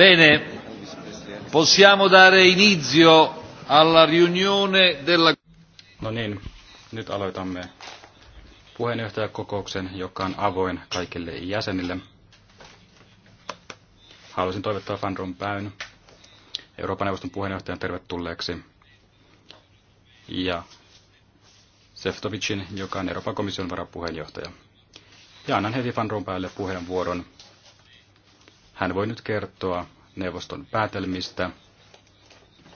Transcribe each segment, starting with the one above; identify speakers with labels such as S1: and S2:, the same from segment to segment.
S1: Bene, possiamo dare inizio alla riunione della... No niin,
S2: nyt aloitamme puheenjohtajakokouksen, joka on avoin kaikille jäsenille. Haluaisin toivottaa Van Rompuyn Euroopan neuvoston puheenjohtajan tervetulleeksi ja Seftovicin, joka on Euroopan komission varapuheenjohtaja. Ja annan heti Van Rompuylle puheenvuoron hän voi nyt kertoa neuvoston päätelmistä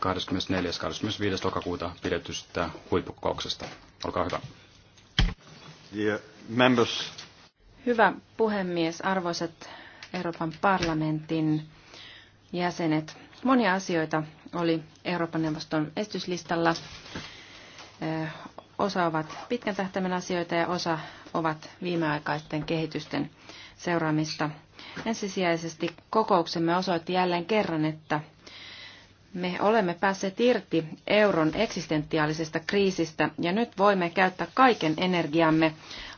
S2: 24. 25. lokakuuta pidetystä huippukokouksesta. Olkaa hyvä. Yeah,
S3: Hyvä puhemies, arvoisat Euroopan parlamentin jäsenet. Monia asioita oli Euroopan neuvoston estyslistalla. Osa ovat pitkän tähtäimen asioita ja osa ovat viimeaikaisten kehitysten seuraamista Ensisijaisesti kokouksemme osoitti jälleen kerran, että me olemme päässeet irti euron eksistentiaalisesta kriisistä ja nyt voimme käyttää kaiken energiamme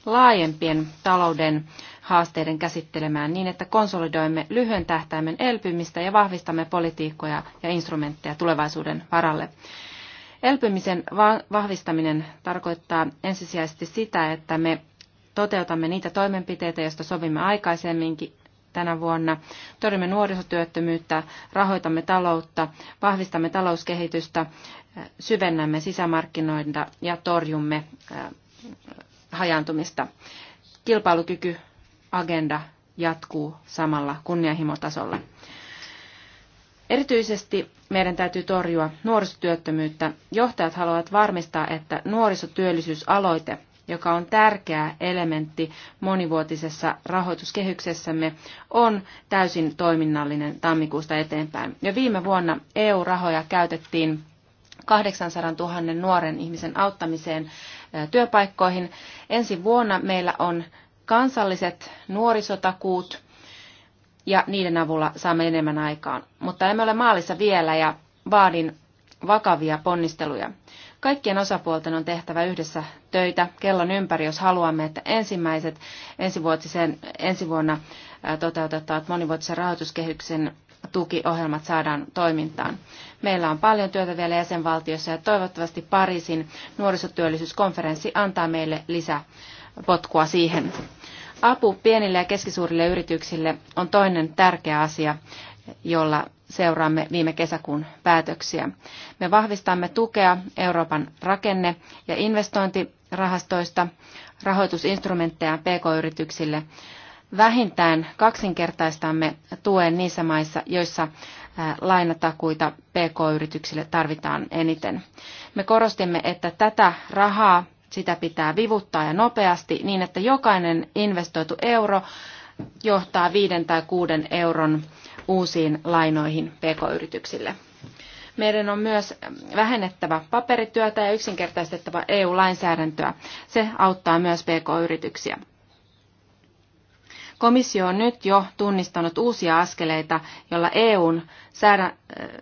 S3: laajempien talouden haasteiden käsittelemään niin, että konsolidoimme lyhyen tähtäimen elpymistä ja vahvistamme politiikkoja ja instrumentteja tulevaisuuden varalle. Elpymisen vahvistaminen tarkoittaa ensisijaisesti sitä, että me toteutamme niitä toimenpiteitä, joista sovimme aikaisemminkin, tänä vuonna. Torjumme nuorisotyöttömyyttä, rahoitamme taloutta, vahvistamme talouskehitystä, äh, syvennämme sisämarkkinoita ja torjumme äh, hajantumista. Kilpailukykyagenda jatkuu samalla kunnianhimotasolla. Erityisesti meidän täytyy torjua nuorisotyöttömyyttä. Johtajat haluavat varmistaa, että nuorisotyöllisyysaloite joka on tärkeä elementti monivuotisessa rahoituskehyksessämme, on täysin toiminnallinen tammikuusta eteenpäin. Ja viime vuonna EU-rahoja käytettiin 800 000 nuoren ihmisen auttamiseen työpaikkoihin. Ensi vuonna meillä on kansalliset nuorisotakuut ja niiden avulla saamme enemmän aikaan. Mutta emme ole maalissa vielä ja vaadin vakavia ponnisteluja. Kaikkien osapuolten on tehtävä yhdessä töitä kellon ympäri, jos haluamme, että ensimmäiset ensi vuonna toteutettavat monivuotisen rahoituskehyksen tukiohjelmat saadaan toimintaan. Meillä on paljon työtä vielä jäsenvaltiossa ja toivottavasti Pariisin nuorisotyöllisyyskonferenssi antaa meille lisäpotkua siihen. Apu pienille ja keskisuurille yrityksille on toinen tärkeä asia, jolla seuraamme viime kesäkuun päätöksiä. Me vahvistamme tukea Euroopan rakenne- ja investointirahastoista rahoitusinstrumentteja pk-yrityksille. Vähintään kaksinkertaistamme tuen niissä maissa, joissa lainatakuita pk-yrityksille tarvitaan eniten. Me korostimme, että tätä rahaa sitä pitää vivuttaa ja nopeasti niin, että jokainen investoitu euro johtaa viiden tai kuuden euron uusiin lainoihin pk-yrityksille. Meidän on myös vähennettävä paperityötä ja yksinkertaistettava EU-lainsäädäntöä. Se auttaa myös pk-yrityksiä. Komissio on nyt jo tunnistanut uusia askeleita, joilla EUn säädä,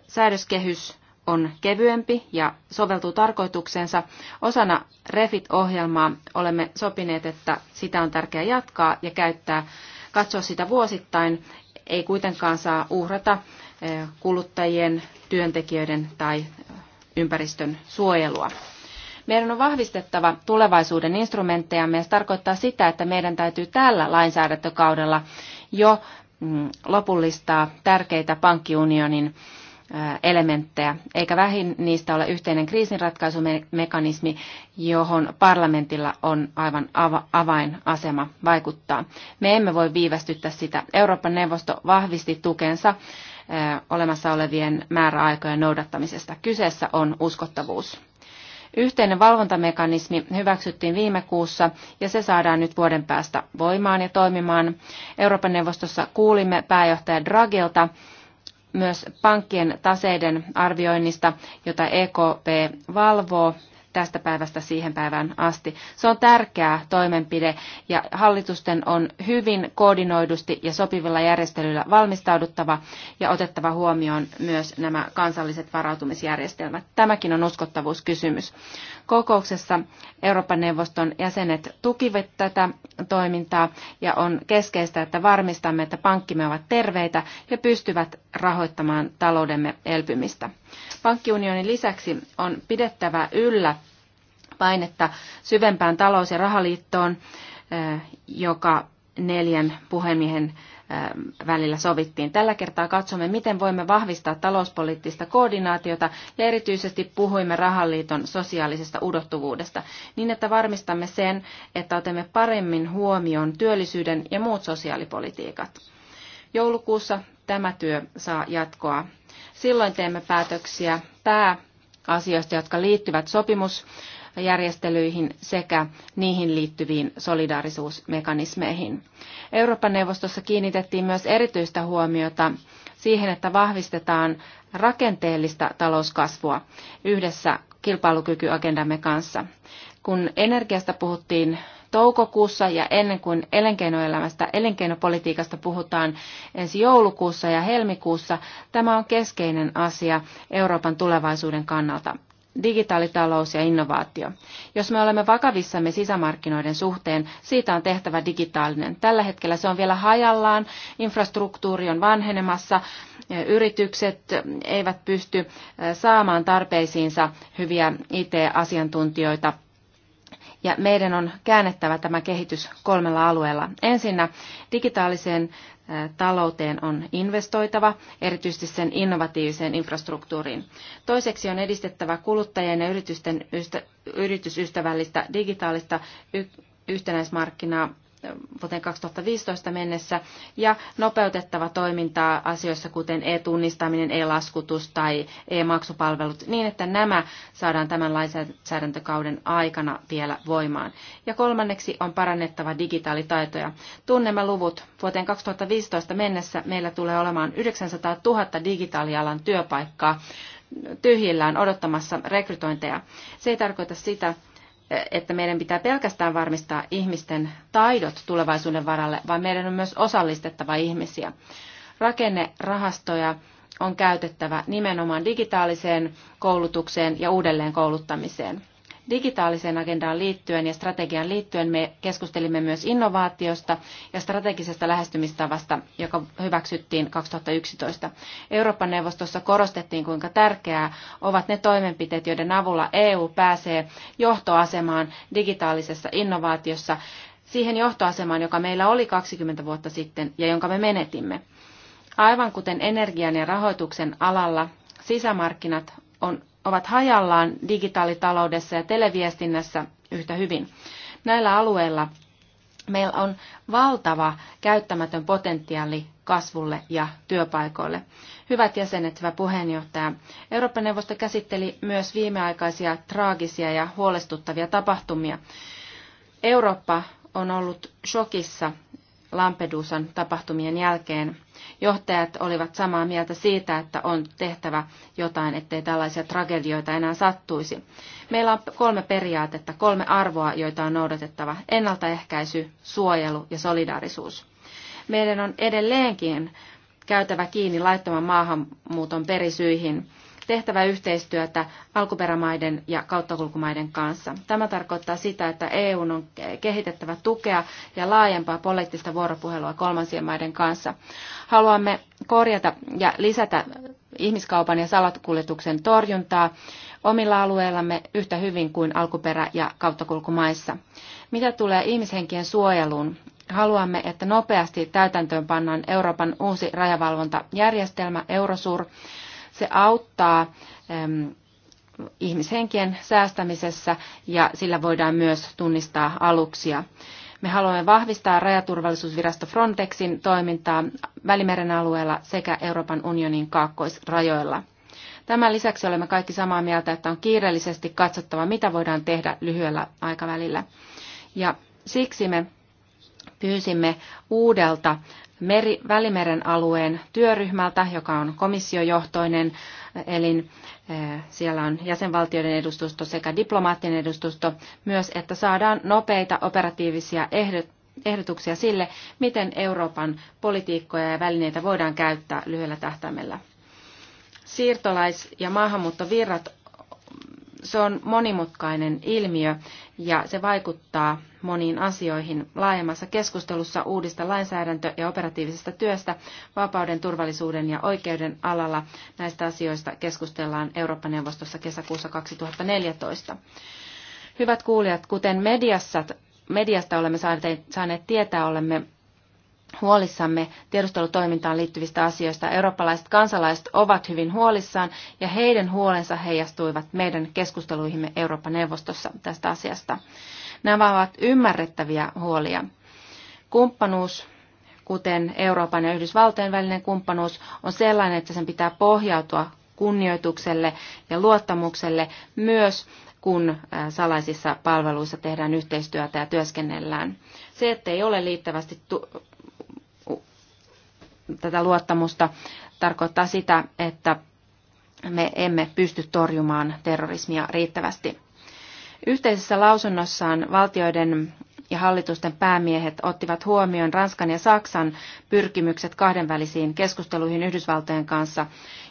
S3: säädöskehys on kevyempi ja soveltuu tarkoituksensa Osana REFIT-ohjelmaa olemme sopineet, että sitä on tärkeää jatkaa ja käyttää, katsoa sitä vuosittain ei kuitenkaan saa uhrata eh, kuluttajien, työntekijöiden tai eh, ympäristön suojelua. Meidän on vahvistettava tulevaisuuden instrumentteja. ja se tarkoittaa sitä, että meidän täytyy tällä lainsäädäntökaudella jo mm, lopullistaa tärkeitä pankkiunionin elementtejä, eikä vähin niistä ole yhteinen kriisinratkaisumekanismi, johon parlamentilla on aivan avainasema vaikuttaa. Me emme voi viivästyttää sitä. Euroopan neuvosto vahvisti tukensa olemassa olevien määräaikojen noudattamisesta. Kyseessä on uskottavuus. Yhteinen valvontamekanismi hyväksyttiin viime kuussa ja se saadaan nyt vuoden päästä voimaan ja toimimaan. Euroopan neuvostossa kuulimme pääjohtaja Dragilta myös pankkien taseiden arvioinnista, jota EKP valvoo tästä päivästä siihen päivään asti. Se on tärkeä toimenpide ja hallitusten on hyvin koordinoidusti ja sopivilla järjestelyillä valmistauduttava ja otettava huomioon myös nämä kansalliset varautumisjärjestelmät. Tämäkin on uskottavuuskysymys. Kokouksessa Euroopan neuvoston jäsenet tukivat tätä toimintaa ja on keskeistä, että varmistamme, että pankkimme ovat terveitä ja pystyvät rahoittamaan taloudemme elpymistä. Pankkiunionin lisäksi on pidettävä yllä painetta syvempään talous- ja rahaliittoon, eh, joka neljän puhemiehen eh, välillä sovittiin. Tällä kertaa katsomme, miten voimme vahvistaa talouspoliittista koordinaatiota ja erityisesti puhuimme rahaliiton sosiaalisesta udottuvuudesta, niin että varmistamme sen, että otamme paremmin huomioon työllisyyden ja muut sosiaalipolitiikat. Joulukuussa tämä työ saa jatkoa. Silloin teemme päätöksiä pääasioista, jotka liittyvät sopimusjärjestelyihin sekä niihin liittyviin solidaarisuusmekanismeihin. Euroopan neuvostossa kiinnitettiin myös erityistä huomiota siihen, että vahvistetaan rakenteellista talouskasvua yhdessä kilpailukykyagendamme kanssa. Kun energiasta puhuttiin toukokuussa ja ennen kuin elinkeinoelämästä, elinkeinopolitiikasta puhutaan ensi joulukuussa ja helmikuussa, tämä on keskeinen asia Euroopan tulevaisuuden kannalta digitaalitalous ja innovaatio. Jos me olemme vakavissamme sisämarkkinoiden suhteen, siitä on tehtävä digitaalinen. Tällä hetkellä se on vielä hajallaan, infrastruktuuri on vanhenemassa, yritykset eivät pysty saamaan tarpeisiinsa hyviä IT-asiantuntijoita – ja meidän on käännettävä tämä kehitys kolmella alueella. Ensinnä digitaaliseen talouteen on investoitava, erityisesti sen innovatiiviseen infrastruktuuriin. Toiseksi on edistettävä kuluttajien ja yritysten ystä, yritysystävällistä digitaalista y, yhtenäismarkkinaa vuoteen 2015 mennessä ja nopeutettava toimintaa asioissa kuten e-tunnistaminen, e-laskutus tai e-maksupalvelut niin, että nämä saadaan tämän lainsäädäntökauden aikana vielä voimaan. Ja kolmanneksi on parannettava digitaalitaitoja. Tunnemme luvut. Vuoteen 2015 mennessä meillä tulee olemaan 900 000 digitaalialan työpaikkaa tyhjillään odottamassa rekrytointeja. Se ei tarkoita sitä, että meidän pitää pelkästään varmistaa ihmisten taidot tulevaisuuden varalle, vaan meidän on myös osallistettava ihmisiä. Rakennerahastoja on käytettävä nimenomaan digitaaliseen koulutukseen ja uudelleen kouluttamiseen digitaaliseen agendaan liittyen ja strategiaan liittyen me keskustelimme myös innovaatiosta ja strategisesta lähestymistavasta, joka hyväksyttiin 2011. Euroopan neuvostossa korostettiin, kuinka tärkeää ovat ne toimenpiteet, joiden avulla EU pääsee johtoasemaan digitaalisessa innovaatiossa, siihen johtoasemaan, joka meillä oli 20 vuotta sitten ja jonka me menetimme. Aivan kuten energian ja rahoituksen alalla, sisämarkkinat on ovat hajallaan digitaalitaloudessa ja televiestinnässä yhtä hyvin. Näillä alueilla meillä on valtava käyttämätön potentiaali kasvulle ja työpaikoille. Hyvät jäsenet, hyvä puheenjohtaja, Euroopan neuvosto käsitteli myös viimeaikaisia traagisia ja huolestuttavia tapahtumia. Eurooppa on ollut shokissa Lampedusan tapahtumien jälkeen. Johtajat olivat samaa mieltä siitä, että on tehtävä jotain, ettei tällaisia tragedioita enää sattuisi. Meillä on kolme periaatetta, kolme arvoa, joita on noudatettava. Ennaltaehkäisy, suojelu ja solidaarisuus. Meidän on edelleenkin käytävä kiinni laittoman maahanmuuton perisyihin tehtävä yhteistyötä alkuperämaiden ja kauttakulkumaiden kanssa. Tämä tarkoittaa sitä, että EU on kehitettävä tukea ja laajempaa poliittista vuoropuhelua kolmansien maiden kanssa. Haluamme korjata ja lisätä ihmiskaupan ja salakuljetuksen torjuntaa omilla alueillamme yhtä hyvin kuin alkuperä- ja kauttakulkumaissa. Mitä tulee ihmishenkien suojeluun, haluamme, että nopeasti täytäntöön pannaan Euroopan uusi rajavalvontajärjestelmä Eurosur, se auttaa ähm, ihmishenkien säästämisessä ja sillä voidaan myös tunnistaa aluksia. Me haluamme vahvistaa rajaturvallisuusvirasto Frontexin toimintaa Välimeren alueella sekä Euroopan unionin kaakkoisrajoilla. Tämän lisäksi olemme kaikki samaa mieltä, että on kiireellisesti katsottava, mitä voidaan tehdä lyhyellä aikavälillä. Ja siksi me pyysimme uudelta Meri, Välimeren alueen työryhmältä, joka on komissiojohtoinen elin. Siellä on jäsenvaltioiden edustusto sekä diplomaattinen edustusto myös, että saadaan nopeita operatiivisia ehdotuksia sille, miten Euroopan politiikkoja ja välineitä voidaan käyttää lyhyellä tähtäimellä. Siirtolais- ja maahanmuuttovirrat se on monimutkainen ilmiö ja se vaikuttaa moniin asioihin. Laajemmassa keskustelussa uudista lainsäädäntö- ja operatiivisesta työstä vapauden, turvallisuuden ja oikeuden alalla näistä asioista keskustellaan Eurooppa-neuvostossa kesäkuussa 2014. Hyvät kuulijat, kuten mediassa, mediasta olemme saaneet tietää, olemme huolissamme tiedustelutoimintaan liittyvistä asioista. Eurooppalaiset kansalaiset ovat hyvin huolissaan ja heidän huolensa heijastuivat meidän keskusteluihimme Euroopan neuvostossa tästä asiasta. Nämä ovat ymmärrettäviä huolia. Kumppanuus, kuten Euroopan ja Yhdysvaltojen välinen kumppanuus, on sellainen, että sen pitää pohjautua kunnioitukselle ja luottamukselle myös kun salaisissa palveluissa tehdään yhteistyötä ja työskennellään. Se, ettei ole liittävästi tätä luottamusta tarkoittaa sitä, että me emme pysty torjumaan terrorismia riittävästi. Yhteisessä lausunnossaan valtioiden ja hallitusten päämiehet ottivat huomioon Ranskan ja Saksan pyrkimykset kahdenvälisiin keskusteluihin Yhdysvaltojen kanssa,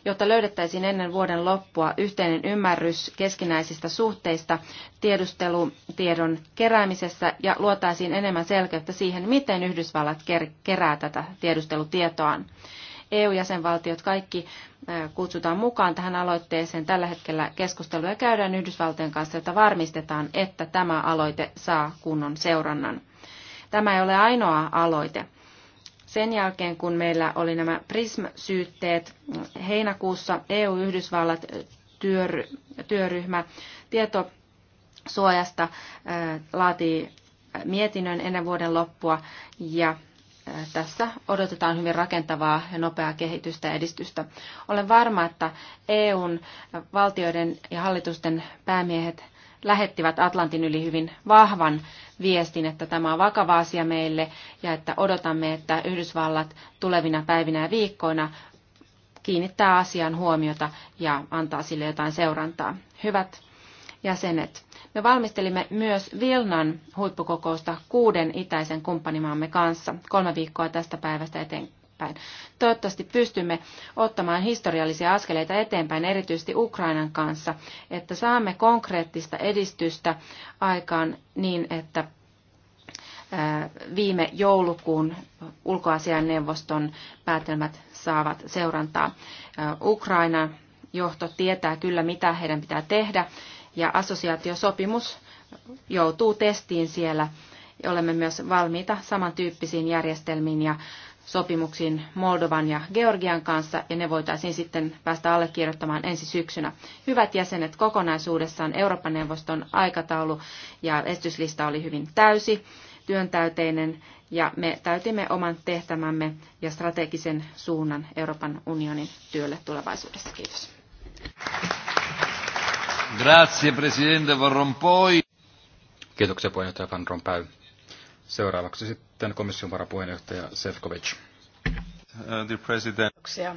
S3: jotta löydettäisiin ennen vuoden loppua yhteinen ymmärrys keskinäisistä suhteista tiedustelutiedon keräämisessä ja luotaisiin enemmän selkeyttä siihen, miten Yhdysvallat kerää tätä tiedustelutietoaan. EU-jäsenvaltiot kaikki kutsutaan mukaan tähän aloitteeseen. Tällä hetkellä keskusteluja käydään Yhdysvaltojen kanssa, jotta varmistetaan, että tämä aloite saa kunnon seurannan. Tämä ei ole ainoa aloite. Sen jälkeen, kun meillä oli nämä PRISM-syytteet heinäkuussa, EU-Yhdysvallat työryhmä tietosuojasta laatii mietinnön ennen vuoden loppua ja tässä odotetaan hyvin rakentavaa ja nopeaa kehitystä ja edistystä. Olen varma, että EUn valtioiden ja hallitusten päämiehet lähettivät Atlantin yli hyvin vahvan viestin, että tämä on vakava asia meille ja että odotamme, että Yhdysvallat tulevina päivinä ja viikkoina kiinnittää asian huomiota ja antaa sille jotain seurantaa. Hyvät jäsenet, me valmistelimme myös Vilnan huippukokousta kuuden itäisen kumppanimaamme kanssa kolme viikkoa tästä päivästä eteenpäin. Toivottavasti pystymme ottamaan historiallisia askeleita eteenpäin, erityisesti Ukrainan kanssa, että saamme konkreettista edistystä aikaan niin, että viime joulukuun ulkoasiainneuvoston päätelmät saavat seurantaa. Ukraina johto tietää kyllä, mitä heidän pitää tehdä ja assosiaatiosopimus joutuu testiin siellä. Olemme myös valmiita samantyyppisiin järjestelmiin ja sopimuksiin Moldovan ja Georgian kanssa, ja ne voitaisiin sitten päästä allekirjoittamaan ensi syksynä. Hyvät jäsenet, kokonaisuudessaan Euroopan neuvoston aikataulu ja estyslista oli hyvin täysi, työntäyteinen, ja me täytimme oman tehtämämme ja strategisen suunnan Euroopan unionin työlle tulevaisuudessa. Kiitos.
S1: Grazie, presidente Van Rompuy.
S2: Kiitoksia puheenjohtaja Van Rompuy. Seuraavaksi sitten komission varapuheenjohtaja Sefcovic.
S1: The uh, president. Kiitoksia,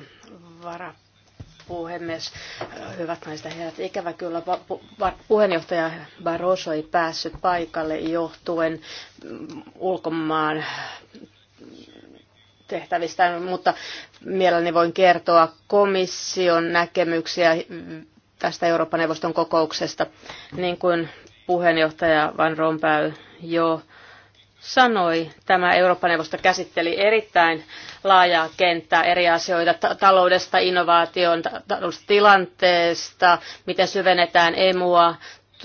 S4: varapuhemies. Uh, hyvät naiset ja herrat, ikävä kyllä puheenjohtaja Barroso ei päässyt paikalle johtuen mm, ulkomaan tehtävistä, mutta mielelläni voin kertoa komission näkemyksiä tästä Euroopan neuvoston kokouksesta. Niin kuin puheenjohtaja Van Rompuy jo sanoi, tämä Eurooppa-neuvosto käsitteli erittäin laajaa kenttää eri asioita taloudesta, innovaation, tilanteesta, miten syvennetään emua,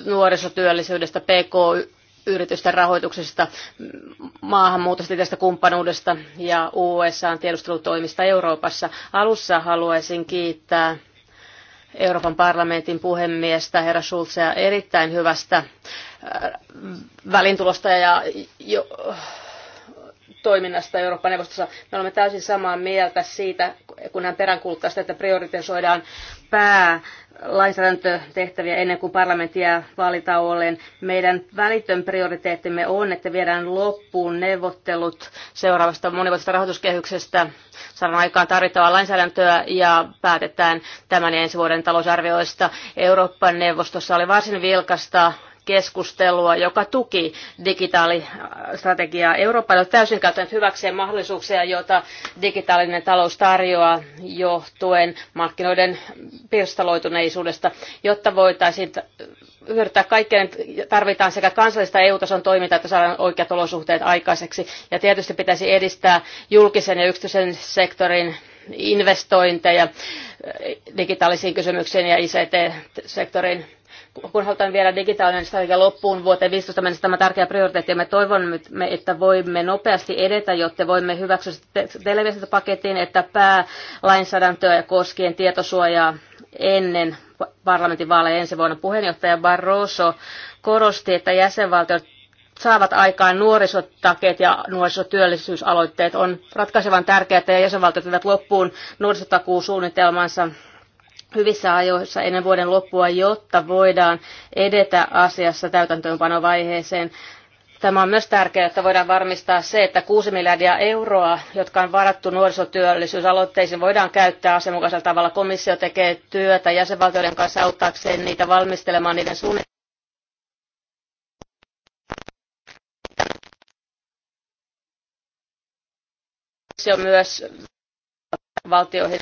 S4: nuorisotyöllisyydestä, pk yritysten rahoituksesta, maahanmuutosta, tästä kumppanuudesta ja USAn tiedustelutoimista Euroopassa. Alussa haluaisin kiittää Euroopan parlamentin puhemiestä herra Schulzea erittäin hyvästä äh, välintulosta ja jo, toiminnasta Euroopan neuvostossa. Me olemme täysin samaa mieltä siitä, kun hän peräänkuuluttaa sitä, että prioritisoidaan pää lainsäädäntötehtäviä ennen kuin parlamentti jää vaalitauolleen. Meidän välitön prioriteettimme on, että viedään loppuun neuvottelut seuraavasta monivuotisesta rahoituskehyksestä, saadaan aikaan tarvittavaa lainsäädäntöä ja päätetään tämän ja ensi vuoden talousarvioista. Euroopan neuvostossa oli varsin vilkasta keskustelua, joka tuki digitaalistrategiaa. Eurooppa on täysin käyttänyt hyväkseen mahdollisuuksia, joita digitaalinen talous tarjoaa johtuen markkinoiden pirstaloituneisuudesta, jotta voitaisiin hyödyttää kaikkien, niin tarvitaan sekä kansallista EU-tason toimintaa että saadaan oikeat olosuhteet aikaiseksi. Ja tietysti pitäisi edistää julkisen ja yksityisen sektorin investointeja digitaalisiin kysymyksiin ja ICT-sektorin kun halutaan vielä digitaalinen strategia loppuun vuoteen 15 mennessä tämä tärkeä prioriteetti, ja me toivomme, että voimme nopeasti edetä, jotta voimme hyväksyä paketin, että päälainsäädäntöä koskien tietosuojaa ennen parlamentin vaaleja ensi vuonna. Puheenjohtaja Barroso korosti, että jäsenvaltiot saavat aikaan nuorisotakeet ja nuorisotyöllisyysaloitteet. On ratkaisevan tärkeää, että jäsenvaltiot vievät loppuun nuorisotakuusuunnitelmansa hyvissä ajoissa ennen vuoden loppua, jotta voidaan edetä asiassa täytäntöönpanovaiheeseen. Tämä on myös tärkeää, että voidaan varmistaa se, että 6 miljardia euroa, jotka on varattu nuorisotyöllisyysaloitteisiin, voidaan käyttää asianmukaisella tavalla. Komissio tekee työtä jäsenvaltioiden kanssa auttaakseen niitä valmistelemaan niiden suunnitelmia. Se on
S3: myös valtioihin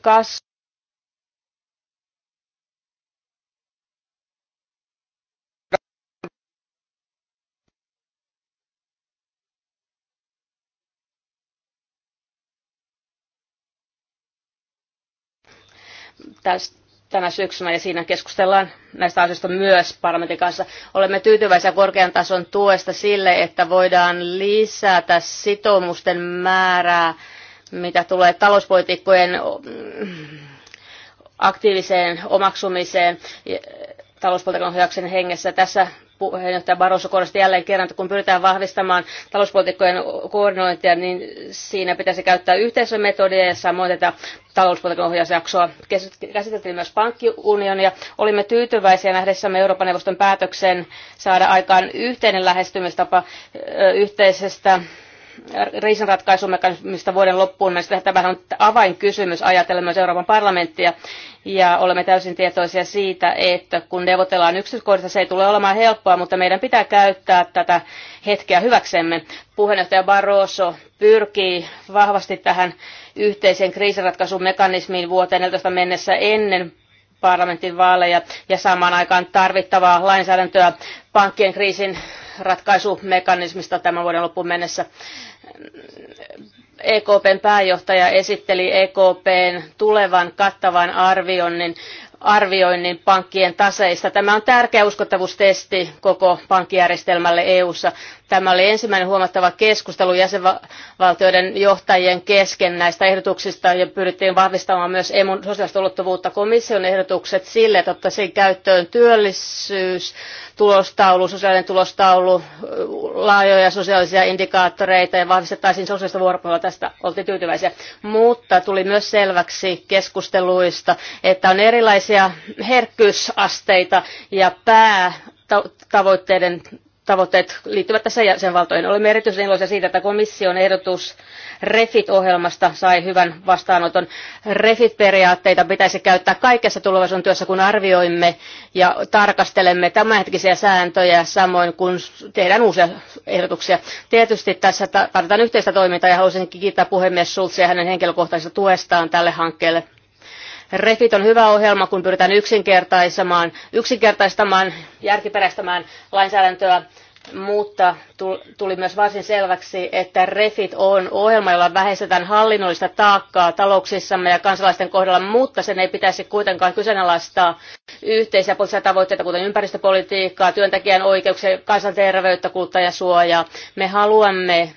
S2: kas
S4: tänä syksynä ja siinä keskustellaan näistä asioista myös parlamentin kanssa. Olemme tyytyväisiä korkean tason tuesta sille, että voidaan lisätä sitoumusten määrää mitä tulee talouspolitiikkojen
S1: mm,
S4: aktiiviseen omaksumiseen talouspolitiikan ohjauksen hengessä. Tässä puheenjohtaja Barroso korosti jälleen kerran, että kun pyritään vahvistamaan talouspolitiikkojen koordinointia, niin siinä pitäisi käyttää yhteisömetodia ja samoin tätä talouspolitiikan ohjausjaksoa. Käsiteltiin myös pankkiunionia. Olimme tyytyväisiä nähdessämme Euroopan neuvoston päätöksen saada aikaan yhteinen lähestymistapa yhteisestä kriisinratkaisumekanismista vuoden loppuun mennessä. Tämähän on avainkysymys ajatellen myös Euroopan parlamenttia ja olemme täysin tietoisia siitä, että kun neuvotellaan yksityiskohdista, se ei tule olemaan helppoa, mutta meidän pitää käyttää tätä hetkeä hyväksemme. Puheenjohtaja Barroso pyrkii vahvasti tähän yhteiseen kriisiratkaisumekanismiin vuoteen 14 mennessä ennen parlamentin vaaleja ja samaan aikaan tarvittavaa lainsäädäntöä pankkien kriisin ratkaisumekanismista tämän vuoden loppuun mennessä. EKPn pääjohtaja esitteli EKPn tulevan kattavan arvioinnin, arvioinnin pankkien taseista. Tämä on tärkeä uskottavuustesti koko pankkijärjestelmälle EU:ssa. Tämä oli ensimmäinen huomattava keskustelu jäsenvaltioiden johtajien kesken näistä ehdotuksista ja pyrittiin vahvistamaan myös EMUn sosiaalista ulottuvuutta komission ehdotukset sille, että ottaisiin käyttöön työllisyys, tulostaulu, sosiaalinen tulostaulu, laajoja sosiaalisia indikaattoreita ja vahvistettaisiin sosiaalista vuoropuhelua. Tästä oltiin tyytyväisiä. Mutta tuli myös selväksi keskusteluista, että on erilaisia herkkyysasteita ja päätavoitteiden tavoitteet liittyvät tässä jäsenvaltoihin. Olemme erityisen iloisia siitä, että komission ehdotus REFIT-ohjelmasta sai hyvän vastaanoton. REFIT-periaatteita pitäisi käyttää kaikessa tulevaisuuden työssä, kun arvioimme ja tarkastelemme tämänhetkisiä sääntöjä, samoin kun tehdään uusia ehdotuksia. Tietysti tässä tarvitaan yhteistä toimintaa ja haluaisin kiittää puhemies Schulzia hänen henkilökohtaisesta tuestaan tälle hankkeelle. Refit on hyvä ohjelma, kun pyritään yksinkertaistamaan, yksinkertaistamaan järkiperäistämään lainsäädäntöä, mutta tuli myös varsin selväksi, että REFIT on ohjelma, jolla vähennetään hallinnollista taakkaa talouksissamme ja kansalaisten kohdalla, mutta sen ei pitäisi kuitenkaan kyseenalaistaa yhteisiä poliittisia tavoitteita, kuten ympäristöpolitiikkaa, työntekijän oikeuksia, kansanterveyttä, kuluttajansuojaa. Me haluamme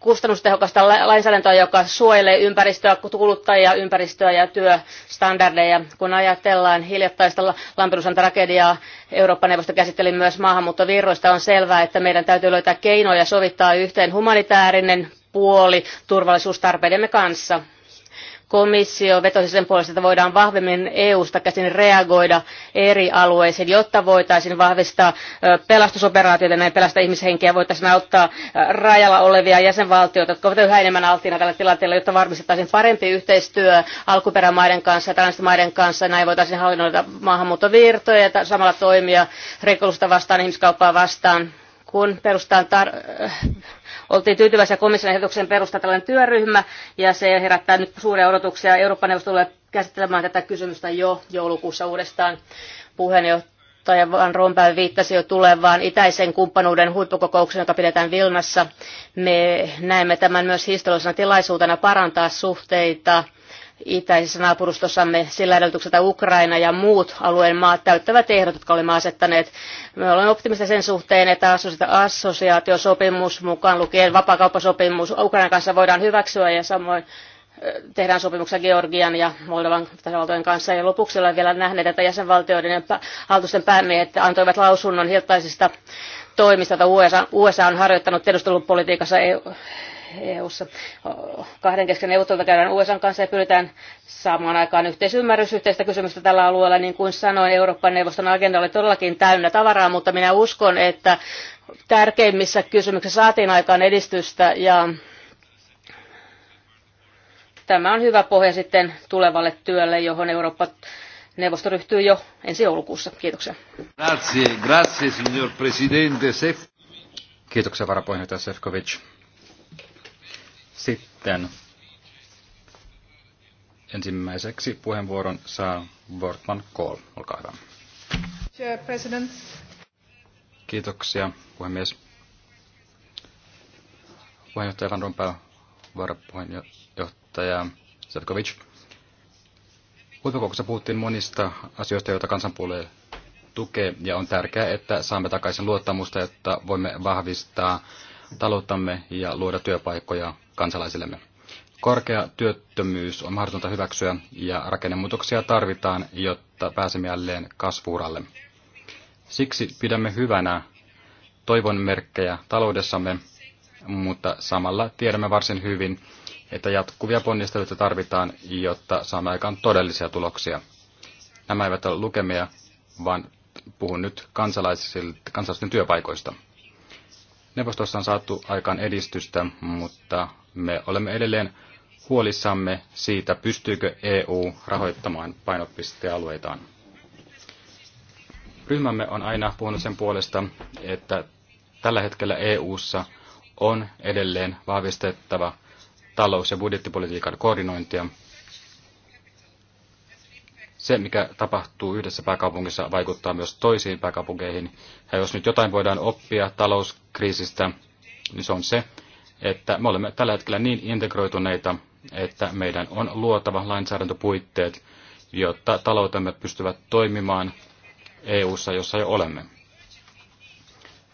S4: kustannustehokasta lainsäädäntöä, joka suojelee ympäristöä, kuluttajia, ympäristöä ja työstandardeja. Kun ajatellaan hiljattaista Lampedusan tragediaa, Eurooppa-neuvosto käsitteli myös maahanmuuttovirroista, on selvää, että meidän täytyy löytää keinoja sovittaa yhteen humanitaarinen puoli turvallisuustarpeidemme kanssa komissio vetosi sen puolesta, että voidaan vahvemmin EU-sta käsin reagoida eri alueisiin, jotta voitaisiin vahvistaa pelastusoperaatioita ja näin pelastaa ihmishenkiä, voitaisiin auttaa rajalla olevia jäsenvaltioita, jotka ovat yhä enemmän alttiina tällä tilanteella, jotta varmistettaisiin parempi yhteistyö alkuperämaiden kanssa ja tällaisten maiden kanssa. Näin voitaisiin hallinnoida maahanmuuttovirtoja ja samalla toimia rikollisuutta vastaan, ihmiskauppaa vastaan kun tar- äh, oltiin tyytyväisiä komission ehdotuksen perustaa tällainen työryhmä, ja se herättää nyt suuria odotuksia. Euroopan neuvosto tulee käsittelemään tätä kysymystä jo joulukuussa uudestaan. Puheenjohtaja Van Rompuy viittasi jo tulevaan itäisen kumppanuuden huippukokouksen, joka pidetään Vilnassa. Me näemme tämän myös historiallisena tilaisuutena parantaa suhteita itäisessä naapurustossamme sillä edellytyksellä, että Ukraina ja muut alueen maat täyttävät ehdot, jotka olemme asettaneet. Me olemme optimista sen suhteen, että assosiaatiosopimus mukaan lukien vapaakauppasopimus Ukrainan kanssa voidaan hyväksyä ja samoin tehdään sopimuksia Georgian ja Moldovan tasavaltojen kanssa. Ja lopuksi olen vielä nähnyt, että jäsenvaltioiden ja hallitusten päämiehet antoivat lausunnon hiltaisista toimista, joita USA on harjoittanut tiedustelupolitiikassa e- EU-ssa. Kahden kesken neuvotteluita käydään USA kanssa ja pyritään saamaan aikaan yhteisymmärrys yhteistä kysymystä tällä alueella. Niin kuin sanoin, Euroopan neuvoston agenda oli todellakin täynnä tavaraa, mutta minä uskon, että tärkeimmissä kysymyksissä saatiin aikaan edistystä ja tämä on hyvä pohja sitten tulevalle työlle, johon Eurooppa neuvosto ryhtyy jo ensi joulukuussa. Kiitoksia.
S1: Grazie, grazie signor Presidente Sef.
S2: Kiitoksia varapuheenjohtaja Sefcovic. Sitten ensimmäiseksi puheenvuoron saa Wortman Kohl. Olkaa hyvä. President. Kiitoksia, puhemies. Puheenjohtaja Van Rompuy, varapuheenjohtaja Zetkovic. Huippukokouksessa puhuttiin monista asioista, joita kansanpuolue tukee, ja on tärkeää, että saamme takaisin luottamusta, että voimme vahvistaa talouttamme ja luoda työpaikkoja kansalaisillemme. Korkea työttömyys on mahdotonta hyväksyä ja rakennemuutoksia tarvitaan, jotta pääsemme jälleen kasvuuralle. Siksi pidämme hyvänä toivon merkkejä taloudessamme, mutta samalla tiedämme varsin hyvin, että jatkuvia ponnisteluita tarvitaan, jotta saamme aikaan todellisia tuloksia. Nämä eivät ole lukemia, vaan puhun nyt kansalaisten työpaikoista. Neuvostossa on saatu aikaan edistystä, mutta me olemme edelleen huolissamme siitä, pystyykö EU rahoittamaan painopistealueitaan. Ryhmämme on aina puhunut sen puolesta, että tällä hetkellä EU:ssa on edelleen vahvistettava talous- ja budjettipolitiikan koordinointia. Se, mikä tapahtuu yhdessä pääkaupungissa, vaikuttaa myös toisiin pääkaupunkeihin. Ja jos nyt jotain voidaan oppia talouskriisistä, niin se on se, että me olemme tällä hetkellä niin integroituneita, että meidän on luotava lainsäädäntöpuitteet, jotta taloutemme pystyvät toimimaan EU-ssa, jossa jo olemme.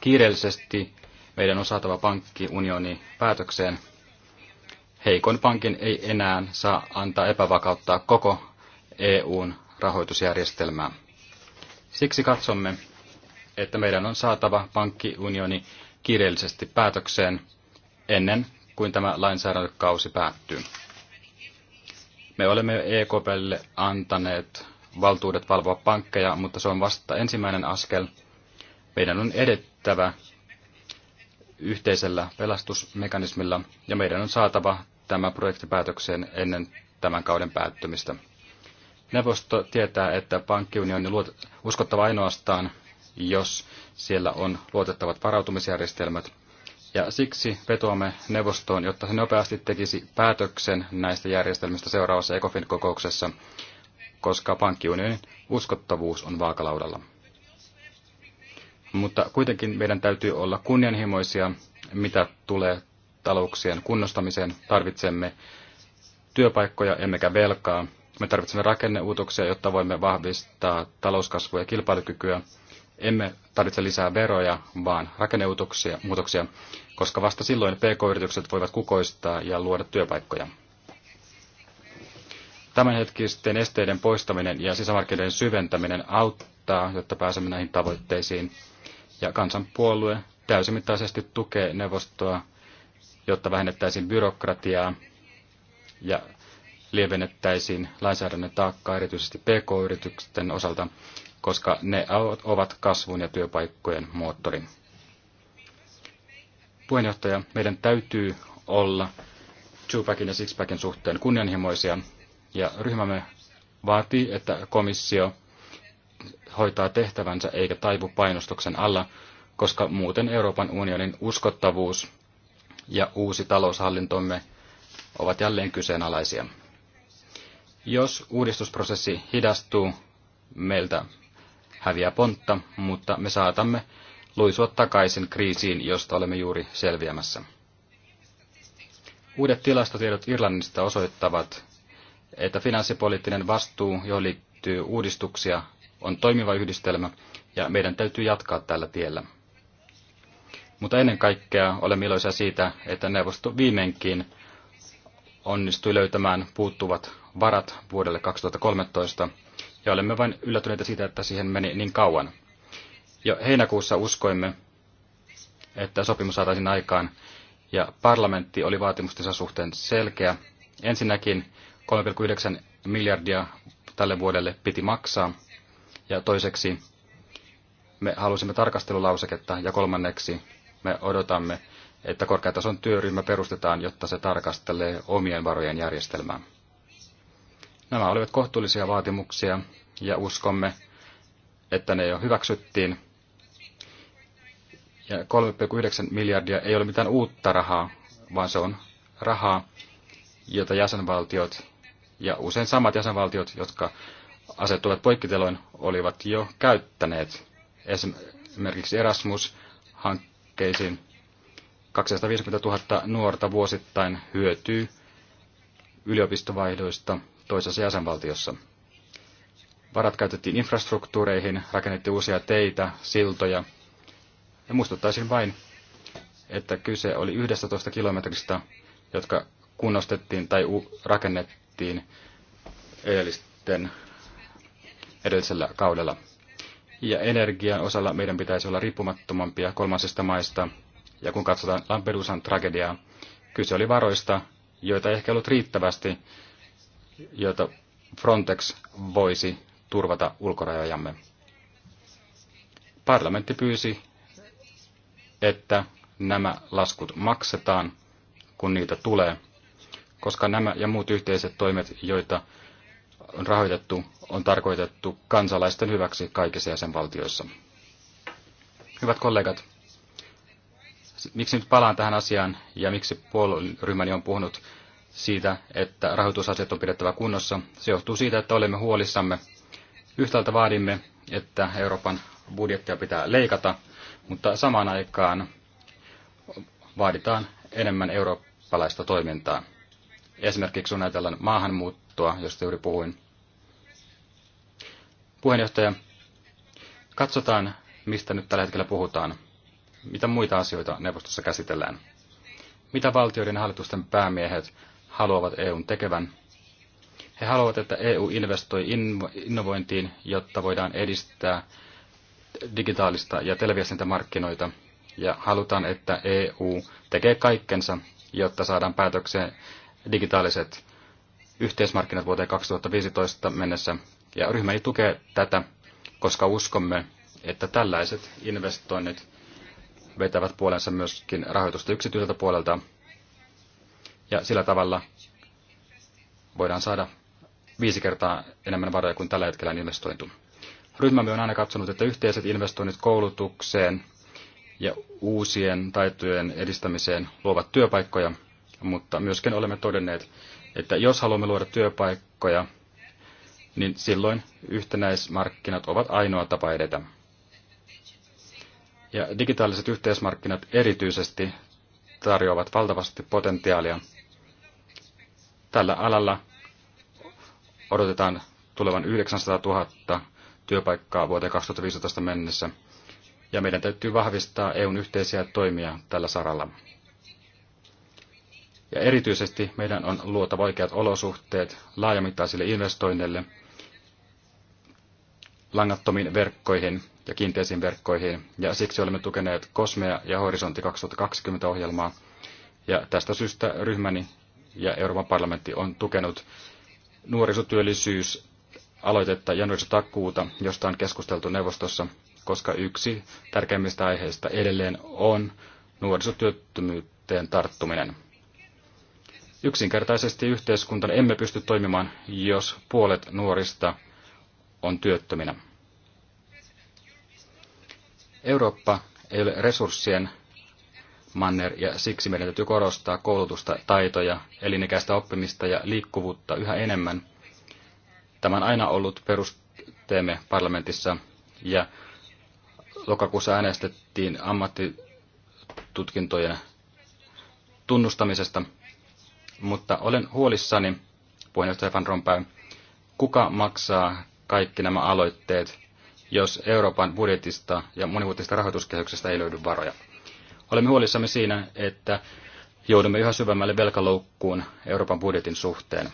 S2: Kiireellisesti meidän on saatava pankkiunioni päätökseen. Heikon pankin ei enää saa antaa epävakauttaa koko EUn rahoitusjärjestelmää. Siksi katsomme, että meidän on saatava pankkiunioni kiireellisesti päätökseen – ennen kuin tämä lainsäädäntökausi päättyy. Me olemme EKPlle antaneet valtuudet valvoa pankkeja, mutta se on vasta ensimmäinen askel. Meidän on edettävä yhteisellä pelastusmekanismilla ja meidän on saatava tämä projekti päätökseen ennen tämän kauden päättymistä. Neuvosto tietää, että pankkiunioni on uskottava ainoastaan, jos siellä on luotettavat varautumisjärjestelmät ja siksi vetoamme neuvostoon, jotta se nopeasti tekisi päätöksen näistä järjestelmistä seuraavassa ECOFIN kokouksessa, koska pankkiunionin uskottavuus on vaakalaudalla. Mutta kuitenkin meidän täytyy olla kunnianhimoisia, mitä tulee talouksien kunnostamiseen. Tarvitsemme työpaikkoja emmekä velkaa. Me tarvitsemme rakenneuutoksia, jotta voimme vahvistaa talouskasvua ja kilpailukykyä emme tarvitse lisää veroja, vaan rakenneutuksia, muutoksia, koska vasta silloin pk-yritykset voivat kukoistaa ja luoda työpaikkoja. Tämänhetkisten esteiden poistaminen ja sisämarkkinoiden syventäminen auttaa, jotta pääsemme näihin tavoitteisiin. Ja kansanpuolue täysimittaisesti tukee neuvostoa, jotta vähennettäisiin byrokratiaa ja lievennettäisiin lainsäädännön taakkaa erityisesti pk-yritysten osalta koska ne ovat kasvun ja työpaikkojen moottori. Puheenjohtaja, meidän täytyy olla Tupacin ja Sixpackin suhteen kunnianhimoisia, ja ryhmämme vaatii, että komissio hoitaa tehtävänsä eikä taivu painostuksen alla, koska muuten Euroopan unionin uskottavuus ja uusi taloushallintomme ovat jälleen kyseenalaisia. Jos uudistusprosessi hidastuu, meiltä häviä pontta, mutta me saatamme luisua takaisin kriisiin, josta olemme juuri selviämässä. Uudet tilastotiedot Irlannista osoittavat, että finanssipoliittinen vastuu, johon liittyy uudistuksia, on toimiva yhdistelmä ja meidän täytyy jatkaa tällä tiellä. Mutta ennen kaikkea olemme iloisia siitä, että neuvosto viimeinkin onnistui löytämään puuttuvat varat vuodelle 2013 ja olemme vain yllätyneitä siitä, että siihen meni niin kauan. Jo heinäkuussa uskoimme, että sopimus saataisiin aikaan, ja parlamentti oli vaatimustensa suhteen selkeä. Ensinnäkin 3,9 miljardia tälle vuodelle piti maksaa, ja toiseksi me halusimme tarkastelulauseketta, ja kolmanneksi me odotamme, että korkeatason työryhmä perustetaan, jotta se tarkastelee omien varojen järjestelmää. Nämä olivat kohtuullisia vaatimuksia ja uskomme, että ne jo hyväksyttiin. Ja 3,9 miljardia ei ole mitään uutta rahaa, vaan se on rahaa, jota jäsenvaltiot ja usein samat jäsenvaltiot, jotka asettuvat poikkiteloin, olivat jo käyttäneet esimerkiksi Erasmus-hankkeisiin. 250 000 nuorta vuosittain hyötyy yliopistovaihdoista – toisessa jäsenvaltiossa. Varat käytettiin infrastruktuureihin, rakennettiin uusia teitä, siltoja. Ja muistuttaisin vain, että kyse oli 11 kilometristä, jotka kunnostettiin tai rakennettiin edellisten, edellisellä kaudella. Ja energian osalla meidän pitäisi olla riippumattomampia kolmansista maista. Ja kun katsotaan Lampedusan tragediaa, kyse oli varoista, joita ei ehkä ollut riittävästi, joita Frontex voisi turvata ulkorajojamme. Parlamentti pyysi, että nämä laskut maksetaan, kun niitä tulee, koska nämä ja muut yhteiset toimet, joita on rahoitettu, on tarkoitettu kansalaisten hyväksi kaikissa jäsenvaltioissa. Hyvät kollegat, miksi nyt palaan tähän asiaan ja miksi puolueryhmäni on puhunut siitä, että rahoitusasiat on pidettävä kunnossa. Se johtuu siitä, että olemme huolissamme. Yhtäältä vaadimme, että Euroopan budjettia pitää leikata, mutta samaan aikaan vaaditaan enemmän eurooppalaista toimintaa. Esimerkiksi on ajatellaan maahanmuuttoa, josta juuri puhuin. Puheenjohtaja, katsotaan, mistä nyt tällä hetkellä puhutaan. Mitä muita asioita neuvostossa käsitellään? Mitä valtioiden hallitusten päämiehet haluavat EUn tekevän. He haluavat, että EU investoi innovointiin, jotta voidaan edistää digitaalista ja markkinoita. ja halutaan, että EU tekee kaikkensa, jotta saadaan päätökseen digitaaliset yhteismarkkinat vuoteen 2015 mennessä. Ja ryhmä ei tukee tätä, koska uskomme, että tällaiset investoinnit vetävät puolensa myöskin rahoitusta yksityiseltä puolelta ja sillä tavalla voidaan saada viisi kertaa enemmän varoja kuin tällä hetkellä on investointu. Ryhmämme on aina katsonut, että yhteiset investoinnit koulutukseen ja uusien taitojen edistämiseen luovat työpaikkoja, mutta myöskin olemme todenneet, että jos haluamme luoda työpaikkoja, niin silloin yhtenäismarkkinat ovat ainoa tapa edetä. Ja digitaaliset yhteismarkkinat erityisesti tarjoavat valtavasti potentiaalia Tällä alalla odotetaan tulevan 900 000 työpaikkaa vuoteen 2015 mennessä, ja meidän täytyy vahvistaa EUn yhteisiä toimia tällä saralla. Ja erityisesti meidän on luotava vaikeat olosuhteet laajamittaisille investoinneille, langattomiin verkkoihin ja kiinteisiin verkkoihin, ja siksi olemme tukeneet Kosmea ja Horisontti 2020-ohjelmaa, ja tästä syystä ryhmäni ja Euroopan parlamentti on tukenut nuorisotyöllisyysaloitetta ja nuorisotakuuta, josta on keskusteltu neuvostossa, koska yksi tärkeimmistä aiheista edelleen on nuorisotyöttömyyteen tarttuminen. Yksinkertaisesti yhteiskuntana emme pysty toimimaan, jos puolet nuorista on työttöminä. Eurooppa ei ole resurssien manner, ja siksi meidän täytyy korostaa koulutusta, taitoja, elinikäistä oppimista ja liikkuvuutta yhä enemmän. Tämä on aina ollut perusteemme parlamentissa, ja lokakuussa äänestettiin ammattitutkintojen tunnustamisesta, mutta olen huolissani, puheenjohtaja Van Rompuy, kuka maksaa kaikki nämä aloitteet, jos Euroopan budjetista ja monivuotisesta rahoituskehyksestä ei löydy varoja. Olemme huolissamme siinä, että joudumme yhä syvemmälle velkaloukkuun Euroopan budjetin suhteen.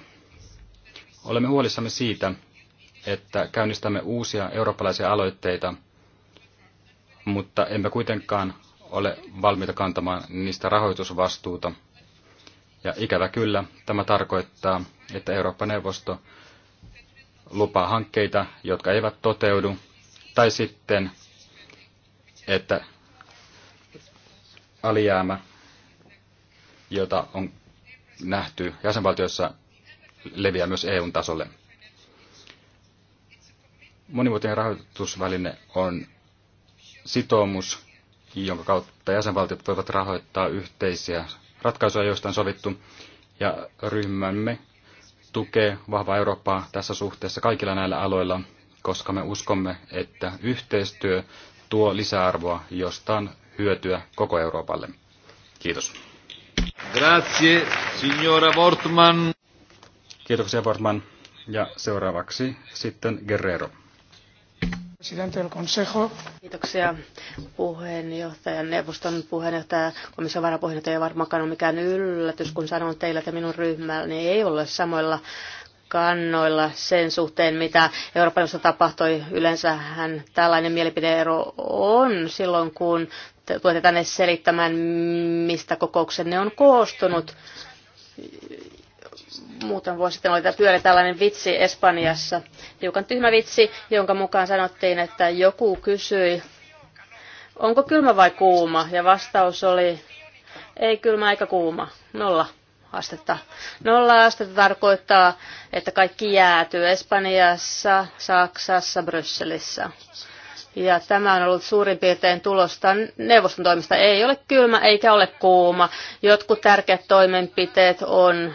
S2: Olemme huolissamme siitä, että käynnistämme uusia eurooppalaisia aloitteita, mutta emme kuitenkaan ole valmiita kantamaan niistä rahoitusvastuuta. Ja ikävä kyllä, tämä tarkoittaa, että Eurooppa-neuvosto lupaa hankkeita, jotka eivät toteudu, tai sitten, että alijäämä, jota on nähty jäsenvaltioissa, leviää myös EUn tasolle. Monivuotinen rahoitusväline on sitoumus, jonka kautta jäsenvaltiot voivat rahoittaa yhteisiä ratkaisuja, joista on sovittu, ja ryhmämme tukee vahvaa Eurooppaa tässä suhteessa kaikilla näillä aloilla, koska me uskomme, että yhteistyö tuo lisäarvoa, josta on hyötyä koko Euroopalle. Kiitos. Grazie, signora Wortman. Kiitoksia, Wortman. Ja seuraavaksi sitten Guerrero.
S4: Consejo. Kiitoksia puheenjohtajan, neuvoston puheenjohtaja, komission varapuheenjohtaja ei varmaankaan ole mikään yllätys, kun sanon teille, että minun ryhmäni ei ole samoilla kannoilla sen suhteen, mitä Euroopan tapahtui. Yleensähän tällainen mielipideero on silloin, kun tulette tänne selittämään, mistä kokouksenne on koostunut. Muuten vuosi sitten oli pyöri tällainen vitsi Espanjassa, hiukan tyhmä vitsi, jonka mukaan sanottiin, että joku kysyi, onko kylmä vai kuuma, ja vastaus oli, ei kylmä eikä kuuma, nolla astetta. Nolla astetta tarkoittaa, että kaikki jäätyy Espanjassa, Saksassa, Brysselissä. Ja tämä on ollut suurin piirtein tulosta neuvoston toimista. Ei ole kylmä eikä ole kuuma. Jotkut tärkeät toimenpiteet on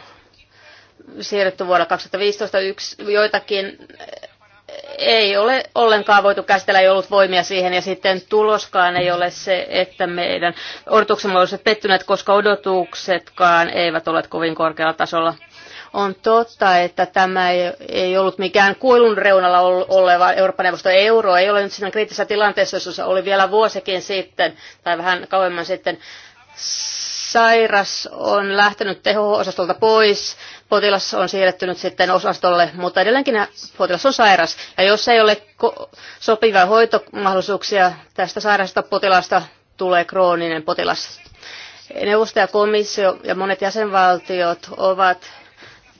S4: siirretty vuonna 2015, yksi, joitakin ei ole ollenkaan voitu käsitellä, ei ollut voimia siihen, ja sitten tuloskaan ei ole se, että meidän odotuksemme olisivat pettyneet, koska odotuksetkaan eivät ole kovin korkealla tasolla. On totta, että tämä ei ollut mikään kuilun reunalla oleva Euroopan neuvosto euro. Ei ole nyt siinä kriittisessä tilanteessa, jossa oli vielä vuosikin sitten tai vähän kauemman sitten. Sairas on lähtenyt teho-osastolta pois, potilas on siirrettynyt sitten osastolle, mutta edelleenkin potilas on sairas. Ja jos ei ole sopivia hoitomahdollisuuksia tästä sairasta potilasta, tulee krooninen potilas neuvosto ja komissio ja monet jäsenvaltiot ovat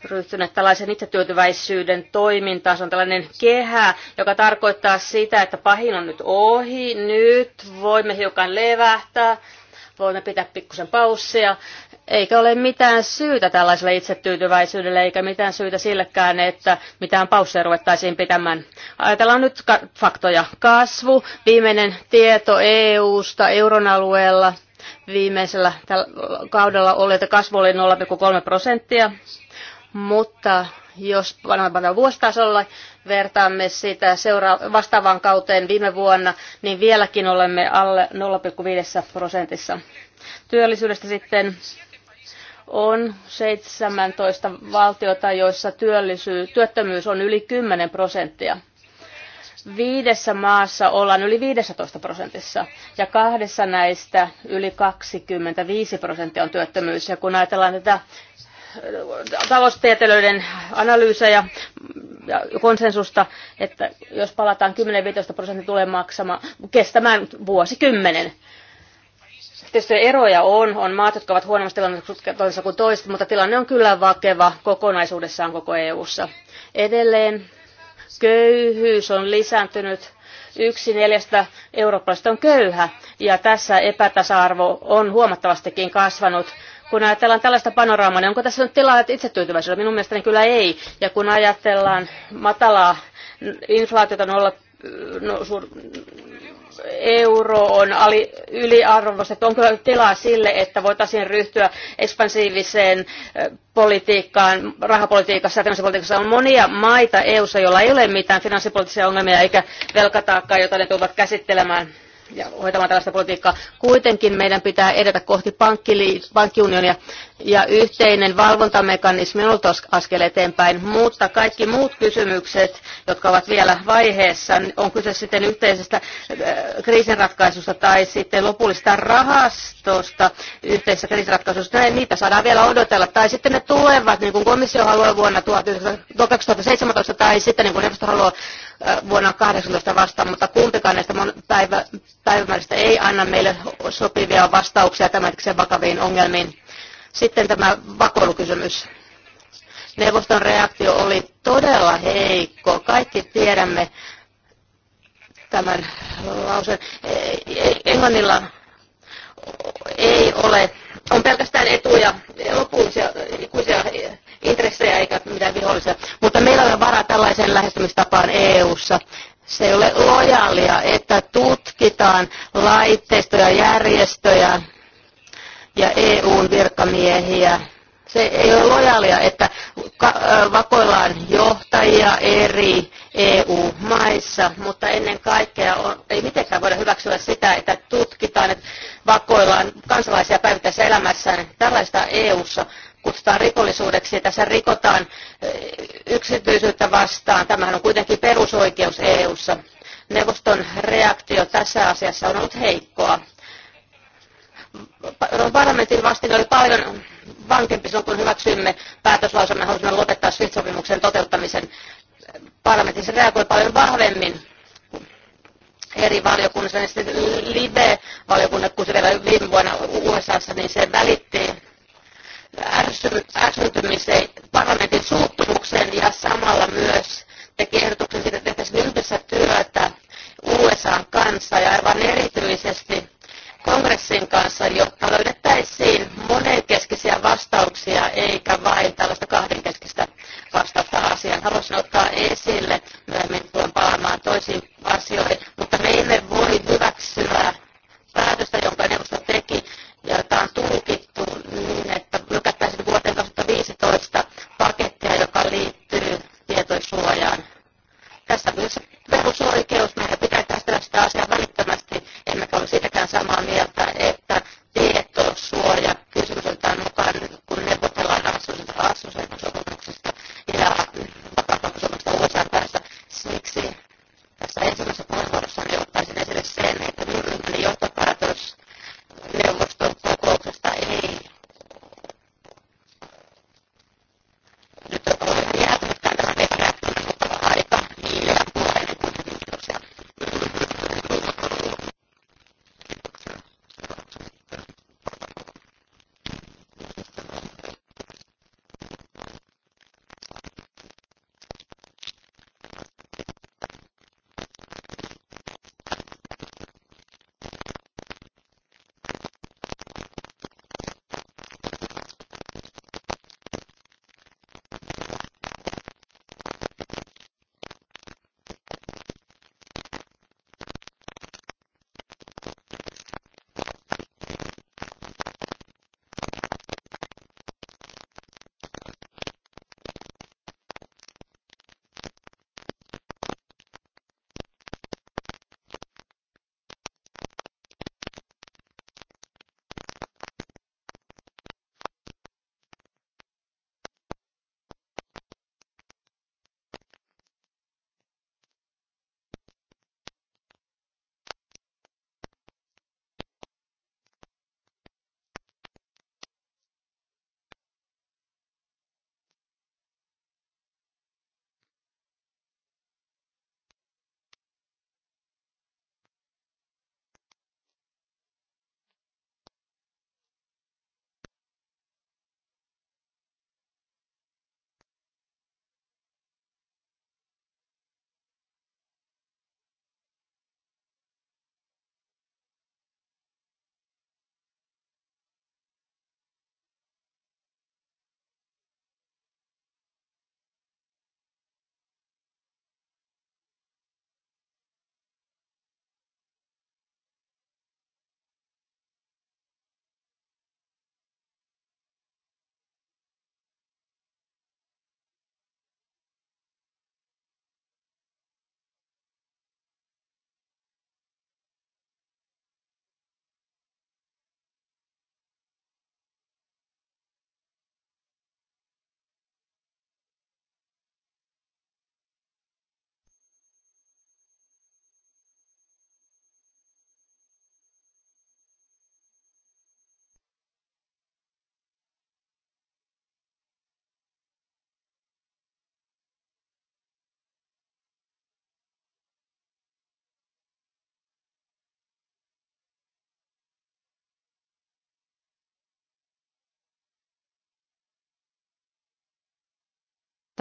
S4: ryhtyneet tällaisen itsetyytyväisyyden toimintaan. Se on tällainen kehä, joka tarkoittaa sitä, että pahin on nyt ohi, nyt voimme hiukan levähtää, voimme pitää pikkusen paussia. Eikä ole mitään syytä tällaiselle itsetyytyväisyydelle, eikä mitään syytä sillekään, että mitään pausseja ruvettaisiin pitämään. Ajatellaan nyt faktoja. Kasvu, viimeinen tieto EU-sta, euron alueella, viimeisellä kaudella oli, että kasvu oli 0,3 prosenttia. Mutta jos vanhempana vuositasolla vertaamme sitä seura- vastaavaan kauteen viime vuonna, niin vieläkin olemme alle 0,5 prosentissa. Työllisyydestä sitten on 17 valtiota, joissa työttömyys on yli 10 prosenttia. Viidessä maassa ollaan yli 15 prosentissa ja kahdessa näistä yli 25 prosenttia on työttömyys. Ja kun ajatellaan tätä taloustieteilijöiden analyysejä ja konsensusta, että jos palataan 10-15 prosenttia tulee maksamaan, kestämään vuosikymmenen. Tietysti eroja on, on maat, jotka ovat huonommassa tilanteessa kuin toiset, mutta tilanne on kyllä vakeva kokonaisuudessaan koko EU:ssa. Edelleen köyhyys on lisääntynyt yksi neljästä eurooppalaisesta on köyhä ja tässä epätasa arvo on huomattavastikin kasvanut kun ajatellaan tällaista panoraamaa, niin onko tässä nyt tilaa itsetyytyväisyydellä? Minun mielestäni kyllä ei. Ja kun ajatellaan matalaa inflaatiota nolla, no, suur, euro on ali, yliarvoista, että onko tilaa sille, että voitaisiin ryhtyä ekspansiiviseen politiikkaan, rahapolitiikassa ja finanssipolitiikassa on monia maita EU-ssa, joilla ei ole mitään finanssipoliittisia ongelmia eikä velkataakkaa, jota ne tulevat käsittelemään ja hoitamaan tällaista politiikkaa. Kuitenkin meidän pitää edetä kohti pankkiunionia ja yhteinen valvontamekanismi on ollut askel eteenpäin, mutta kaikki muut kysymykset, jotka ovat vielä vaiheessa, niin on kyse sitten yhteisestä äh, kriisinratkaisusta tai
S1: sitten lopullista rahastosta yhteisestä kriisinratkaisusta, näin niitä saadaan vielä odotella. Tai sitten ne tulevat, niin kuin komissio haluaa vuonna 2017 tai sitten niin kuin neuvosto haluaa Äh, vuonna 18 vastaan, mutta kumpikaan näistä päivä, päivämääristä ei anna meille sopivia vastauksia tämän vakaviin ongelmiin. Sitten tämä vakoilukysymys. Neuvoston reaktio oli todella heikko. Kaikki tiedämme tämän lauseen. E-, e-, englannilla ei ole, on pelkästään etuja, lopullisia ikuisia intressejä eikä mitään vihollisia. Mutta meillä on varaa tällaiseen lähestymistapaan EU-ssa. Se ei ole lojaalia, että tutkitaan laitteistoja, järjestöjä ja EUn virkamiehiä. Se ei ole lojaalia, että vakoillaan johtajia eri EU-maissa, mutta ennen kaikkea on, ei mitenkään voida hyväksyä sitä, että tutkitaan, että vakoillaan kansalaisia päivittäisessä elämässään. Tällaista EU-ssa kutsutaan rikollisuudeksi. Tässä rikotaan eh, yksityisyyttä vastaan. Tämähän on kuitenkin perusoikeus EU:ssa. Neuvoston reaktio tässä asiassa on ollut heikkoa. Parlamentin vastine oli paljon vankempi silloin, kun hyväksyimme päätöslausamme halusimme lopettaa SWIFT-sopimuksen toteuttamisen. Parlamentissa reagoi paljon vahvemmin eri valiokunnissa, niin sitten Libe-valiokunnat, kun se vielä viime vuonna USAssa, niin se välitti ärsy, ärsyntymiseen, parlamentin suuttumukseen ja samalla myös teki ehdotuksen siitä, että tehtäisiin yhdessä työtä USA kanssa ja aivan erityisesti kongressin kanssa, jotta löydettäisiin monenkeskisiä vastauksia eikä vain tällaista kahdenkeskistä vastausta asiaan. Haluaisin ottaa esille, myöhemmin tuon palaamaan toisiin asioihin, mutta me emme voi hyväksyä päätöstä, jonka neuvosto teki, ja jota on tulkittu niin, että vuoteen 2015 pakettia, joka liittyy tietosuojaan. Tässä myös perusoikeus. Meidän pitää käsitellä sitä asiaa välittömästi. Emmekä ole siitäkään samaa mieltä, että tietosuoja kysymys otetaan mukaan, kun neuvotellaan asuisentosopimuksesta.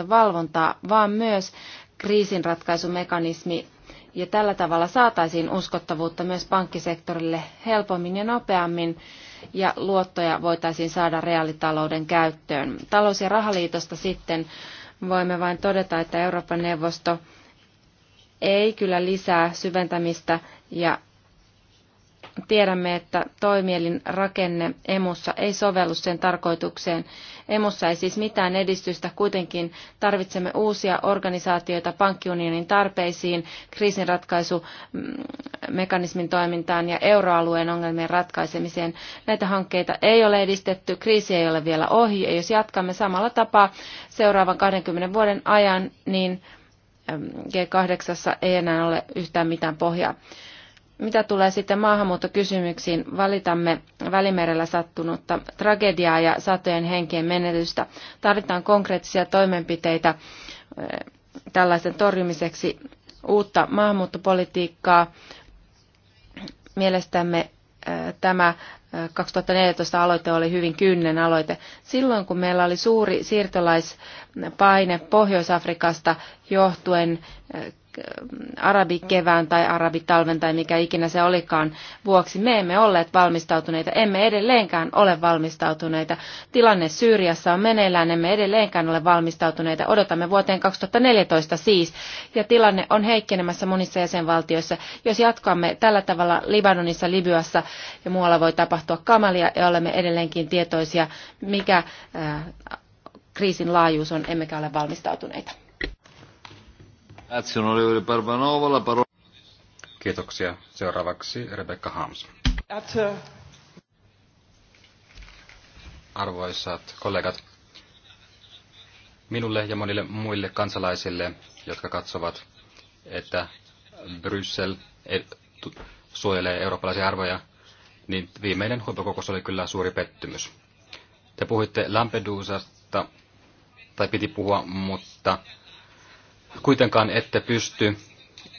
S3: valvontaa, vaan myös kriisinratkaisumekanismi. Ja tällä tavalla saataisiin uskottavuutta myös pankkisektorille helpommin ja nopeammin, ja luottoja voitaisiin saada reaalitalouden käyttöön. Talous- ja rahaliitosta sitten voimme vain todeta, että Euroopan neuvosto ei kyllä lisää syventämistä ja tiedämme, että toimielin rakenne emussa ei sovellu sen tarkoitukseen, Emussa ei siis mitään edistystä, kuitenkin tarvitsemme uusia organisaatioita pankkiunionin tarpeisiin, kriisinratkaisumekanismin toimintaan ja euroalueen ongelmien ratkaisemiseen. Näitä hankkeita ei ole edistetty, kriisi ei ole vielä ohi, ja jos jatkamme samalla tapaa seuraavan 20 vuoden ajan, niin G8 ei enää ole yhtään mitään pohjaa. Mitä tulee sitten maahanmuuttokysymyksiin, valitamme Välimerellä sattunutta tragediaa ja satojen henkien menetystä. Tarvitaan konkreettisia toimenpiteitä tällaisen torjumiseksi uutta maahanmuuttopolitiikkaa. Mielestämme tämä 2014 aloite oli hyvin kynnen aloite. Silloin kun meillä oli suuri siirtolaispaine Pohjois-Afrikasta johtuen arabikevään tai arabitalven tai mikä ikinä se olikaan vuoksi. Me emme olleet valmistautuneita, emme edelleenkään ole valmistautuneita. Tilanne Syyriassa on meneillään, emme edelleenkään ole valmistautuneita. Odotamme vuoteen 2014 siis, ja tilanne on heikkenemässä monissa jäsenvaltioissa. Jos jatkamme tällä tavalla Libanonissa, Libyassa ja muualla voi tapahtua kamalia, ja olemme edelleenkin tietoisia, mikä äh, kriisin laajuus on, emmekä ole valmistautuneita.
S2: Kiitoksia. Seuraavaksi Rebecca Harms. Arvoisat kollegat, minulle ja monille muille kansalaisille, jotka katsovat, että Bryssel suojelee eurooppalaisia arvoja, niin viimeinen huippukokous oli kyllä suuri pettymys. Te puhuitte Lampedusasta, tai piti puhua, mutta kuitenkaan ette pysty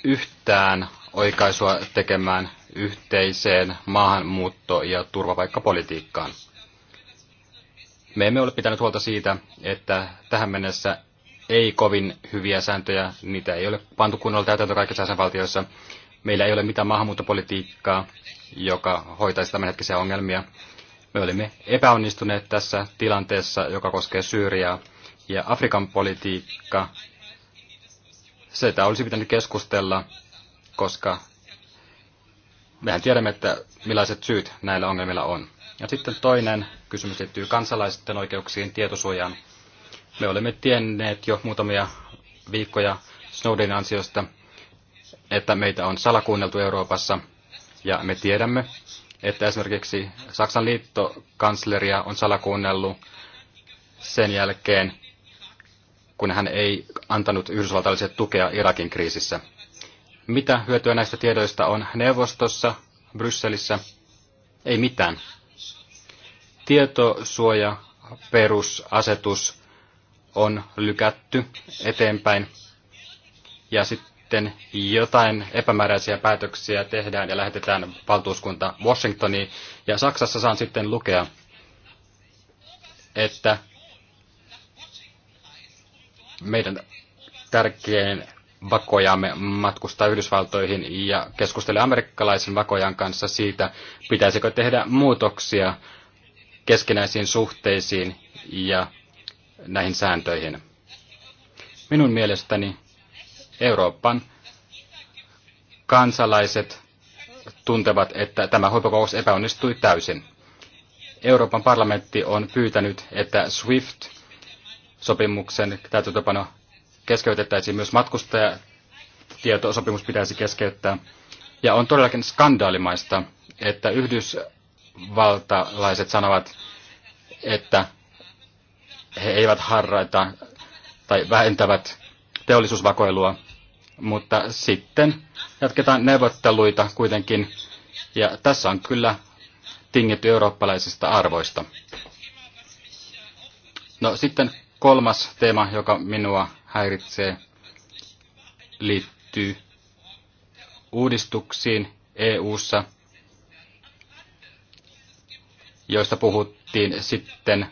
S2: yhtään oikaisua tekemään yhteiseen maahanmuutto- ja turvapaikkapolitiikkaan. Me emme ole pitäneet huolta siitä, että tähän mennessä ei kovin hyviä sääntöjä, niitä ei ole pantu kunnolla täytäntö kaikissa jäsenvaltioissa. Meillä ei ole mitään maahanmuuttopolitiikkaa, joka hoitaisi tämänhetkisiä ongelmia. Me olimme epäonnistuneet tässä tilanteessa, joka koskee Syyriaa, ja Afrikan politiikka sitä olisi pitänyt keskustella, koska mehän tiedämme, että millaiset syyt näillä ongelmilla on. Ja sitten toinen kysymys liittyy kansalaisten oikeuksiin, tietosuojaan. Me olemme tienneet jo muutamia viikkoja Snowdenin ansiosta, että meitä on salakuunneltu Euroopassa, ja me tiedämme, että esimerkiksi Saksan liittokansleria on salakuunnellut sen jälkeen, kun hän ei antanut yhdysvaltalaisille tukea Irakin kriisissä. Mitä hyötyä näistä tiedoista on neuvostossa, Brysselissä? Ei mitään. Tietosuoja, perusasetus on lykätty eteenpäin ja sitten jotain epämääräisiä päätöksiä tehdään ja lähetetään valtuuskunta Washingtoniin. Ja Saksassa saan sitten lukea, että meidän tärkein vakojamme matkustaa Yhdysvaltoihin ja keskustele amerikkalaisen vakojan kanssa siitä, pitäisikö tehdä muutoksia keskinäisiin suhteisiin ja näihin sääntöihin. Minun mielestäni Euroopan kansalaiset tuntevat, että tämä huippukokous epäonnistui täysin. Euroopan parlamentti on pyytänyt, että SWIFT sopimuksen täytäntöpano keskeytettäisiin. Myös matkustajatietosopimus pitäisi keskeyttää. Ja on todellakin skandaalimaista, että yhdysvaltalaiset sanovat, että he eivät harraita tai vähentävät teollisuusvakoilua, mutta sitten jatketaan neuvotteluita kuitenkin. Ja tässä on kyllä tingitty eurooppalaisista arvoista. No sitten Kolmas teema, joka minua häiritsee, liittyy uudistuksiin EU:ssa, joista puhuttiin sitten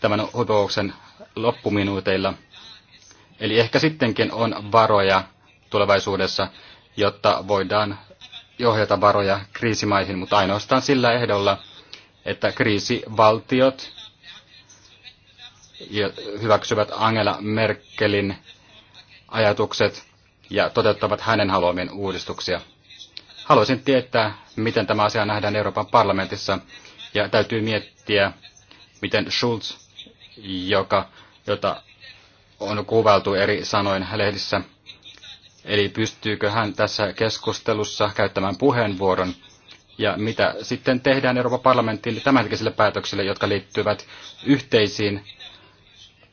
S2: tämän kokouksen loppuminuuteilla. Eli ehkä sittenkin on varoja tulevaisuudessa, jotta voidaan johjata varoja kriisimaihin, mutta ainoastaan sillä ehdolla, että kriisivaltiot hyväksyvät Angela Merkelin ajatukset ja toteuttavat hänen haluamien uudistuksia. Haluaisin tietää, miten tämä asia nähdään Euroopan parlamentissa, ja täytyy miettiä, miten Schulz, joka, jota on kuvailtu eri sanoin lehdissä, eli pystyykö hän tässä keskustelussa käyttämään puheenvuoron, ja mitä sitten tehdään Euroopan parlamentin tämänhetkisille päätöksille, jotka liittyvät yhteisiin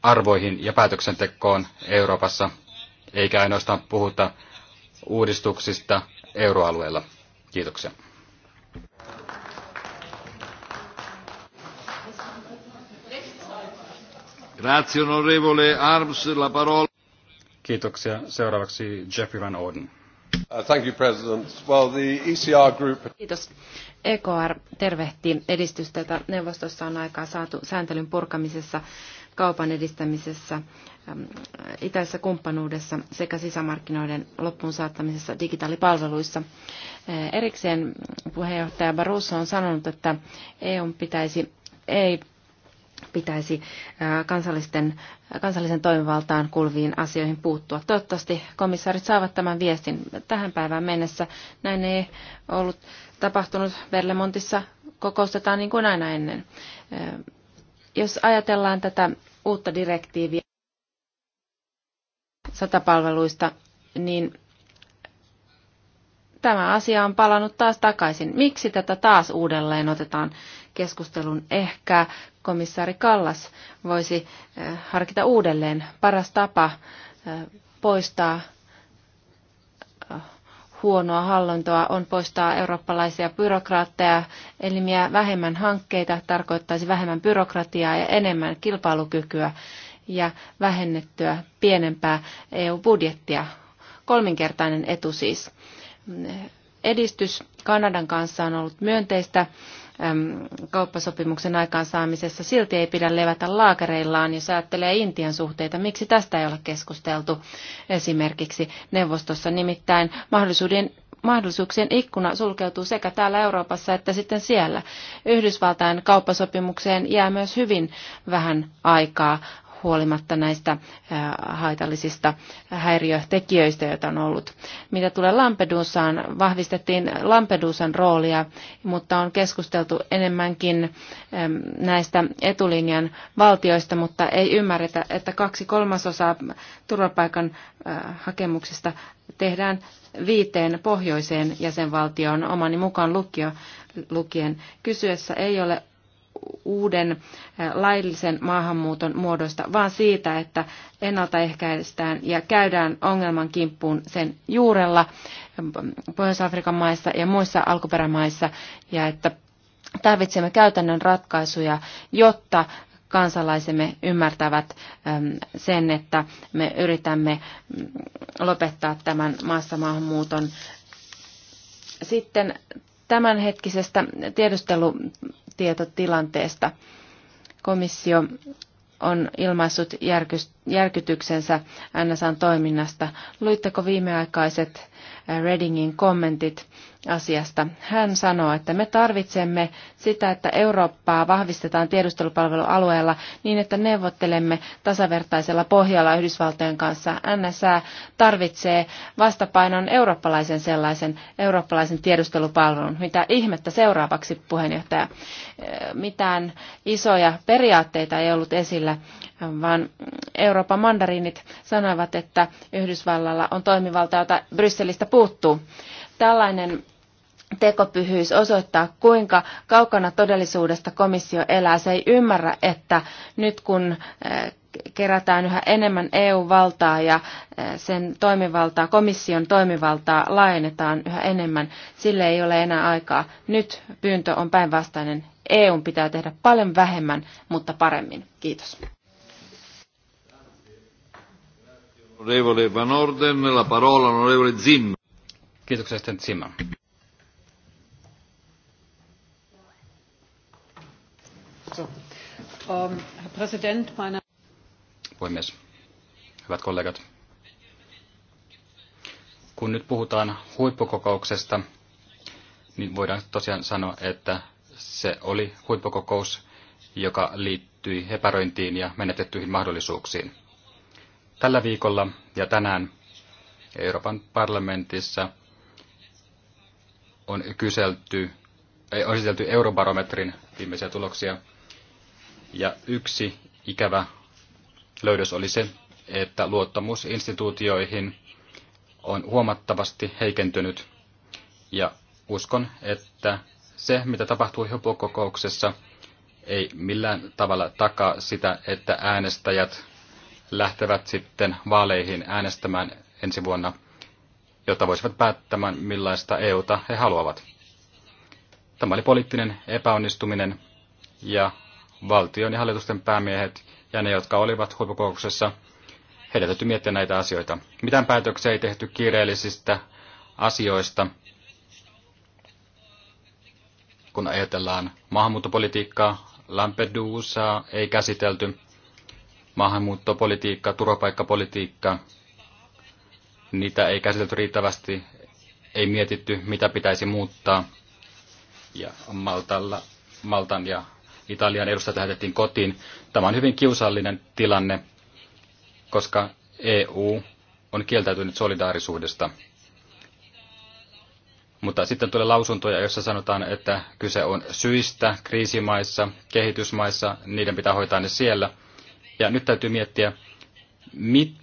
S2: arvoihin ja päätöksentekoon Euroopassa, eikä ainoastaan puhuta uudistuksista euroalueella. Kiitoksia. Grazie onorevole Arms, la parola. Kiitoksia. Seuraavaksi Jeffrey
S1: Van Orden. Uh, ECR e
S2: e
S3: tervehti EKR edistystä, jota neuvostossa on aikaa saatu sääntelyn purkamisessa, kaupan edistämisessä, itäisessä kumppanuudessa sekä sisämarkkinoiden loppuun saattamisessa digitaalipalveluissa. Äh, erikseen puheenjohtaja Barroso on sanonut, että EU pitäisi ei pitäisi kansallisten, kansallisen toimivaltaan kuuluviin asioihin puuttua. Toivottavasti komissaarit saavat tämän viestin tähän päivään mennessä. Näin ei ollut tapahtunut. Verlemontissa kokoustetaan niin kuin aina ennen. Jos ajatellaan tätä uutta direktiiviä satapalveluista, niin tämä asia on palannut taas takaisin. Miksi tätä taas uudelleen otetaan keskustelun. Ehkä komissaari Kallas voisi eh, harkita uudelleen paras tapa eh, poistaa eh, huonoa hallintoa on poistaa eurooppalaisia byrokraatteja, elimiä vähemmän hankkeita tarkoittaisi vähemmän byrokratiaa ja enemmän kilpailukykyä ja vähennettyä pienempää EU-budjettia. Kolminkertainen etu siis. Edistys Kanadan kanssa on ollut myönteistä kauppasopimuksen aikaansaamisessa silti ei pidä levätä laakereillaan ja säättelee Intian suhteita. Miksi tästä ei ole keskusteltu esimerkiksi neuvostossa? Nimittäin mahdollisuuden mahdollisuuksien ikkuna sulkeutuu sekä täällä Euroopassa että sitten siellä. Yhdysvaltain kauppasopimukseen jää myös hyvin vähän aikaa huolimatta näistä haitallisista häiriötekijöistä, joita on ollut. Mitä tulee Lampedusaan, vahvistettiin Lampedusan roolia, mutta on keskusteltu enemmänkin näistä etulinjan valtioista, mutta ei ymmärretä, että kaksi kolmasosaa turvapaikan hakemuksista tehdään viiteen pohjoiseen jäsenvaltioon omani mukaan lukio, lukien. Kysyessä ei ole uuden eh, laillisen maahanmuuton muodoista, vaan siitä, että ennaltaehkäistään ja käydään ongelman kimppuun sen juurella eh, Pohjois-Afrikan maissa ja muissa alkuperämaissa, ja että tarvitsemme käytännön ratkaisuja, jotta kansalaisemme ymmärtävät eh, sen, että me yritämme mm, lopettaa tämän maassa maahanmuuton. Sitten tämänhetkisestä tiedustelu tieto tilanteesta. Komissio on ilmaissut järkytyksensä NSAn toiminnasta. Luitteko viimeaikaiset äh, Readingin kommentit asiasta. Hän sanoo, että me tarvitsemme sitä, että Eurooppaa vahvistetaan tiedustelupalvelualueella niin, että neuvottelemme tasavertaisella pohjalla Yhdysvaltojen kanssa. NSA tarvitsee vastapainon eurooppalaisen sellaisen eurooppalaisen tiedustelupalvelun. Mitä ihmettä seuraavaksi, puheenjohtaja? Mitään isoja periaatteita ei ollut esillä, vaan Euroopan mandariinit sanoivat, että Yhdysvallalla on toimivalta, jota Brysselistä puuttuu. Tällainen tekopyhyys osoittaa, kuinka kaukana todellisuudesta komissio elää. Se ei ymmärrä, että nyt kun eh, kerätään yhä enemmän EU-valtaa ja eh, sen toimivaltaa, komission toimivaltaa laajennetaan yhä enemmän, sille ei ole enää aikaa. Nyt pyyntö on päinvastainen. EU pitää tehdä paljon vähemmän, mutta paremmin. Kiitos.
S1: Onorevole Van Orden, la parola onorevole
S2: Zim. Kiitoksia sitten Tsima. Um, Puhemies, hyvät kollegat. Kun nyt puhutaan huippukokouksesta, niin voidaan tosiaan sanoa, että se oli huippukokous, joka liittyi epäröintiin ja menetettyihin mahdollisuuksiin. Tällä viikolla ja tänään Euroopan parlamentissa on kyselty, ei, on esitelty eurobarometrin viimeisiä tuloksia. Ja yksi ikävä löydös oli se, että luottamus instituutioihin on huomattavasti heikentynyt. Ja uskon, että se, mitä tapahtui huippukokouksessa, ei millään tavalla takaa sitä, että äänestäjät lähtevät sitten vaaleihin äänestämään ensi vuonna – jotta voisivat päättämään, millaista EUta he haluavat. Tämä oli poliittinen epäonnistuminen ja valtion ja hallitusten päämiehet ja ne, jotka olivat huippukokouksessa, heidän täytyy miettiä näitä asioita. Mitään päätöksiä ei tehty kiireellisistä asioista, kun ajatellaan maahanmuuttopolitiikkaa, Lampedusaa ei käsitelty, maahanmuuttopolitiikka, turvapaikkapolitiikka, niitä ei käsitelty riittävästi, ei mietitty, mitä pitäisi muuttaa. Ja Maltalla, Maltan ja Italian edustajat lähetettiin kotiin. Tämä on hyvin kiusallinen tilanne, koska EU on kieltäytynyt solidaarisuudesta. Mutta sitten tulee lausuntoja, joissa sanotaan, että kyse on syistä kriisimaissa, kehitysmaissa, niiden pitää hoitaa ne siellä. Ja nyt täytyy miettiä,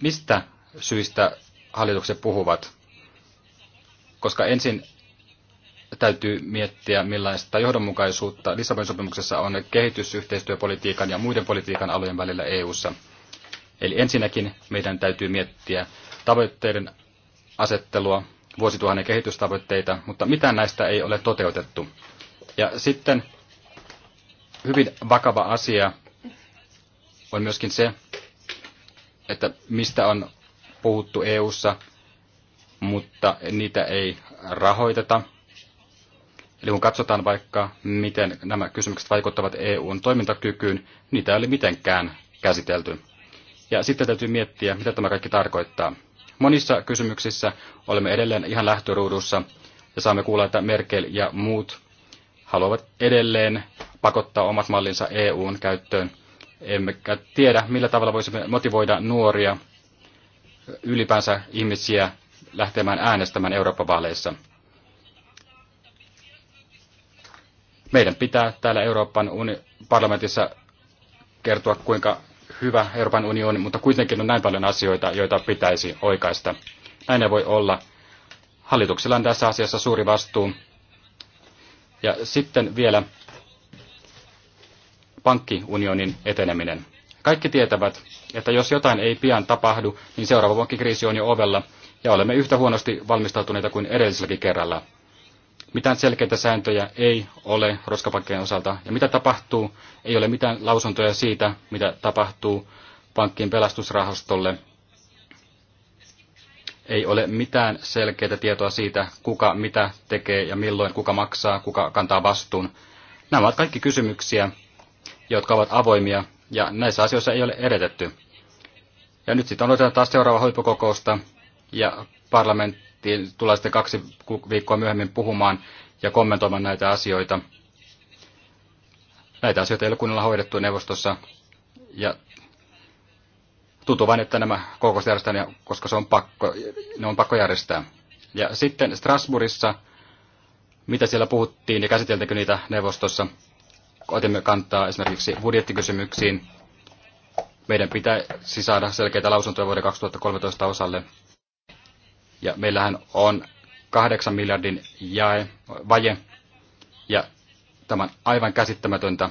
S2: mistä syistä hallitukset puhuvat, koska ensin täytyy miettiä, millaista johdonmukaisuutta Lissabonin sopimuksessa on kehitysyhteistyöpolitiikan ja muiden politiikan alojen välillä EU:ssa. Eli ensinnäkin meidän täytyy miettiä tavoitteiden asettelua, vuosituhannen kehitystavoitteita, mutta mitään näistä ei ole toteutettu. Ja sitten hyvin vakava asia on myöskin se, että mistä on puhuttu EU:ssa, mutta niitä ei rahoiteta. Eli kun katsotaan vaikka, miten nämä kysymykset vaikuttavat EUn toimintakykyyn, niitä ei ole mitenkään käsitelty. Ja sitten täytyy miettiä, mitä tämä kaikki tarkoittaa. Monissa kysymyksissä olemme edelleen ihan lähtöruudussa ja saamme kuulla, että Merkel ja muut haluavat edelleen pakottaa omat mallinsa EUn käyttöön. Emmekä tiedä, millä tavalla voisimme motivoida nuoria ylipäänsä ihmisiä lähtemään äänestämään Euroopan vaaleissa. Meidän pitää täällä Euroopan uni- parlamentissa kertoa, kuinka hyvä Euroopan unioni, mutta kuitenkin on näin paljon asioita, joita pitäisi oikaista. Näin ei voi olla. Hallituksella on tässä asiassa suuri vastuu. Ja sitten vielä pankkiunionin eteneminen. Kaikki tietävät, että jos jotain ei pian tapahdu, niin seuraava pankkikriisi on jo ovella, ja olemme yhtä huonosti valmistautuneita kuin edelliselläkin kerralla. Mitään selkeitä sääntöjä ei ole roskapankkien osalta, ja mitä tapahtuu, ei ole mitään lausuntoja siitä, mitä tapahtuu pankkien pelastusrahastolle. Ei ole mitään selkeää tietoa siitä, kuka mitä tekee ja milloin, kuka maksaa, kuka kantaa vastuun. Nämä ovat kaikki kysymyksiä, jotka ovat avoimia ja näissä asioissa ei ole edetetty. Ja nyt sitten on taas seuraava huippukokousta ja parlamenttiin tulee sitten kaksi viikkoa myöhemmin puhumaan ja kommentoimaan näitä asioita. Näitä asioita ei ole kunnolla hoidettu neuvostossa ja tuntuu vain, että nämä kokoukset järjestetään, koska se on pakko, ne on pakko järjestää. Ja sitten Strasbourgissa, mitä siellä puhuttiin ja käsiteltekö niitä neuvostossa? otimme kantaa esimerkiksi budjettikysymyksiin. Meidän pitäisi saada selkeitä lausuntoja vuoden 2013 osalle. Ja meillähän on 8 miljardin jae, vaje, ja tämä on aivan käsittämätöntä,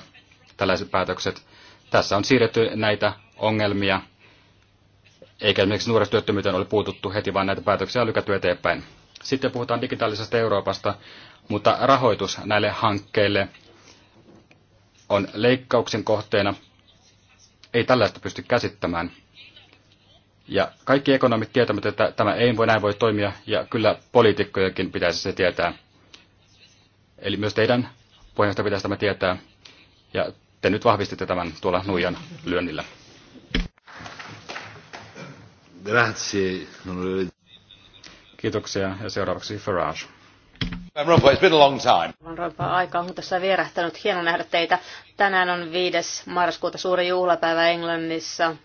S2: tällaiset päätökset. Tässä on siirretty näitä ongelmia, eikä esimerkiksi nuorisotyöttömyyteen ole puututtu heti, vaan näitä päätöksiä on lykätty eteenpäin. Sitten puhutaan digitaalisesta Euroopasta, mutta rahoitus näille hankkeille on leikkauksen kohteena. Ei tällaista pysty käsittämään. Ja kaikki ekonomit tietävät, että tämä ei voi näin voi toimia, ja kyllä poliitikkojenkin pitäisi se tietää. Eli myös teidän puheenjohtaja pitäisi tämä tietää, ja te nyt vahvistitte tämän tuolla nuijan lyönnillä. Grazie. Kiitoksia, ja seuraavaksi Farage. Rompuy, it's been a long time.
S4: Van Rompuy, aika on tässä vierähtänyt. Hieno nähdä teitä. Tänään on 5. marraskuuta suuri juhlapäivä Englannissa.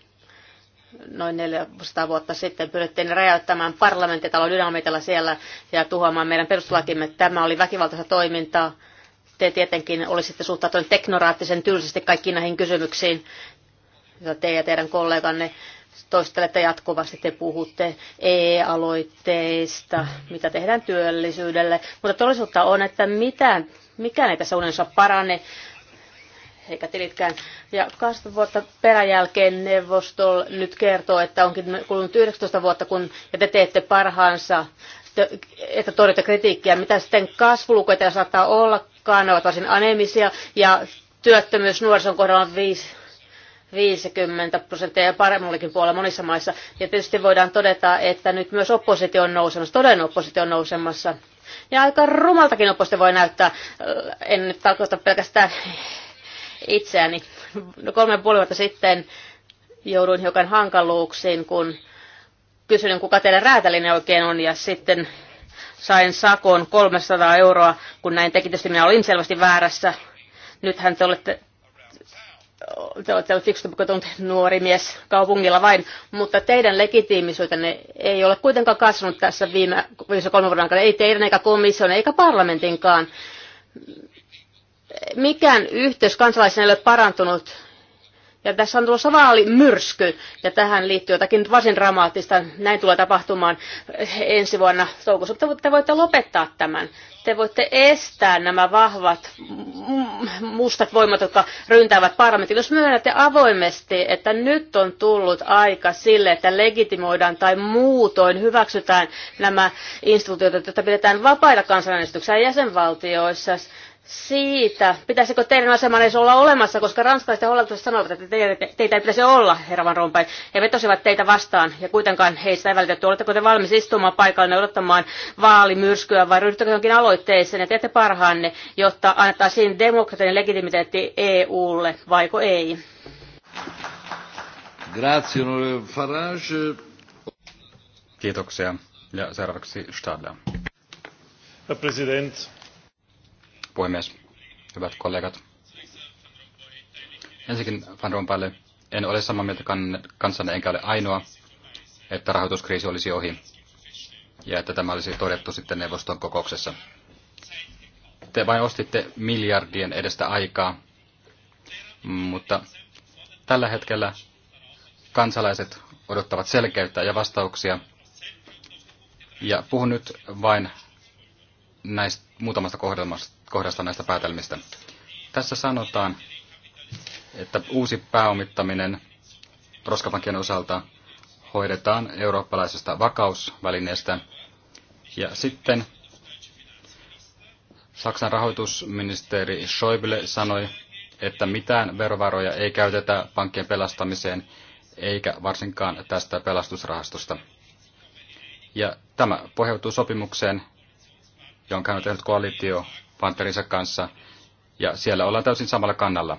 S4: Noin 400 vuotta sitten pyrittiin räjäyttämään parlamenttitalon dynamitalla siellä ja tuhoamaan meidän perustuslakimme. Tämä oli väkivaltaista toimintaa. Te tietenkin olisitte suhtautuneet teknoraattisen tylsästi kaikkiin näihin kysymyksiin, joita te ja teidän kolleganne toistelette jatkuvasti, te puhutte e-aloitteista, mitä tehdään työllisyydelle, mutta todellisuutta on, että mitään, mikään ei tässä unensa parane, eikä tilitkään. Ja 20 vuotta peräjälkeen neuvosto nyt kertoo, että onkin kulunut 19 vuotta, kun, ja te teette parhaansa, että torjutte kritiikkiä. Mitä sitten kasvulukuja saattaa olla? ne ovat varsin anemisia, ja työttömyys nuorison kohdalla on 5 50 prosenttia ja paremmallakin puolella monissa maissa. Ja tietysti voidaan todeta, että nyt myös oppositio on nousemassa, todellinen oppositio on nousemassa. Ja aika rumaltakin oppositio voi näyttää, en nyt tarkoita pelkästään itseäni. No, kolme puoli vuotta sitten jouduin hiukan hankaluuksiin, kun kysyin, kuka teidän räätälinen oikein on, ja sitten sain sakon 300 euroa, kun näin teki. Tietysti minä olin selvästi väärässä. Nythän te olette te olette fiksutunut nuori mies kaupungilla vain, mutta teidän legitiimisyytenne ei ole kuitenkaan kasvanut tässä viime, viime kolmen vuoden aikana, ei teidän eikä komission eikä parlamentinkaan. Mikään yhteys kansalaisen ei ole parantunut ja tässä on tulossa vaalimyrsky, ja tähän liittyy jotakin varsin dramaattista. Näin tulee tapahtumaan eh, ensi vuonna toukokuussa. Te, te voitte lopettaa tämän. Te voitte estää nämä vahvat
S1: mm,
S4: mustat voimat, jotka ryntäävät parlamentin. Jos myönnätte avoimesti, että nyt on tullut aika sille, että legitimoidaan tai muutoin hyväksytään nämä instituutiot, joita pidetään vapaita kansanäänestyksiä jäsenvaltioissa, siitä, pitäisikö teidän asemanne olla olemassa, koska ranskalaiset ja hollantilaiset sanoivat, että teitä, teitä ei pitäisi olla, herra Van Rompuy. He vetosivat teitä vastaan ja kuitenkaan heistä ei välitetty. Oletteko te valmis istumaan paikallanne odottamaan vaalimyrskyä vai ryhdyttekö jonkin aloitteeseen ja teette parhaanne, jotta annettaisiin demokratian legitimiteetti EUlle, vaiko ei?
S2: Grazie, Farage. Kiitoksia. Ja seuraavaksi Stadler.
S1: Herr Präsident,
S2: puhemies, hyvät kollegat. Ensinnäkin Van Rompuylle en ole samaa mieltä kanssanne enkä ole ainoa, että rahoituskriisi olisi ohi ja että tämä olisi todettu sitten neuvoston kokouksessa. Te vain ostitte miljardien edestä aikaa, mutta tällä hetkellä kansalaiset odottavat selkeyttä ja vastauksia. Ja puhun nyt vain näistä muutamasta kohdasta näistä päätelmistä. Tässä sanotaan, että uusi pääomittaminen roskapankien osalta hoidetaan eurooppalaisesta vakausvälineestä. Ja sitten Saksan rahoitusministeri Schäuble sanoi, että mitään verovaroja ei käytetä pankkien pelastamiseen, eikä varsinkaan tästä pelastusrahastosta. Ja tämä pohjautuu sopimukseen, jonka on tehnyt koalitio panterinsa kanssa, ja siellä ollaan täysin samalla kannalla.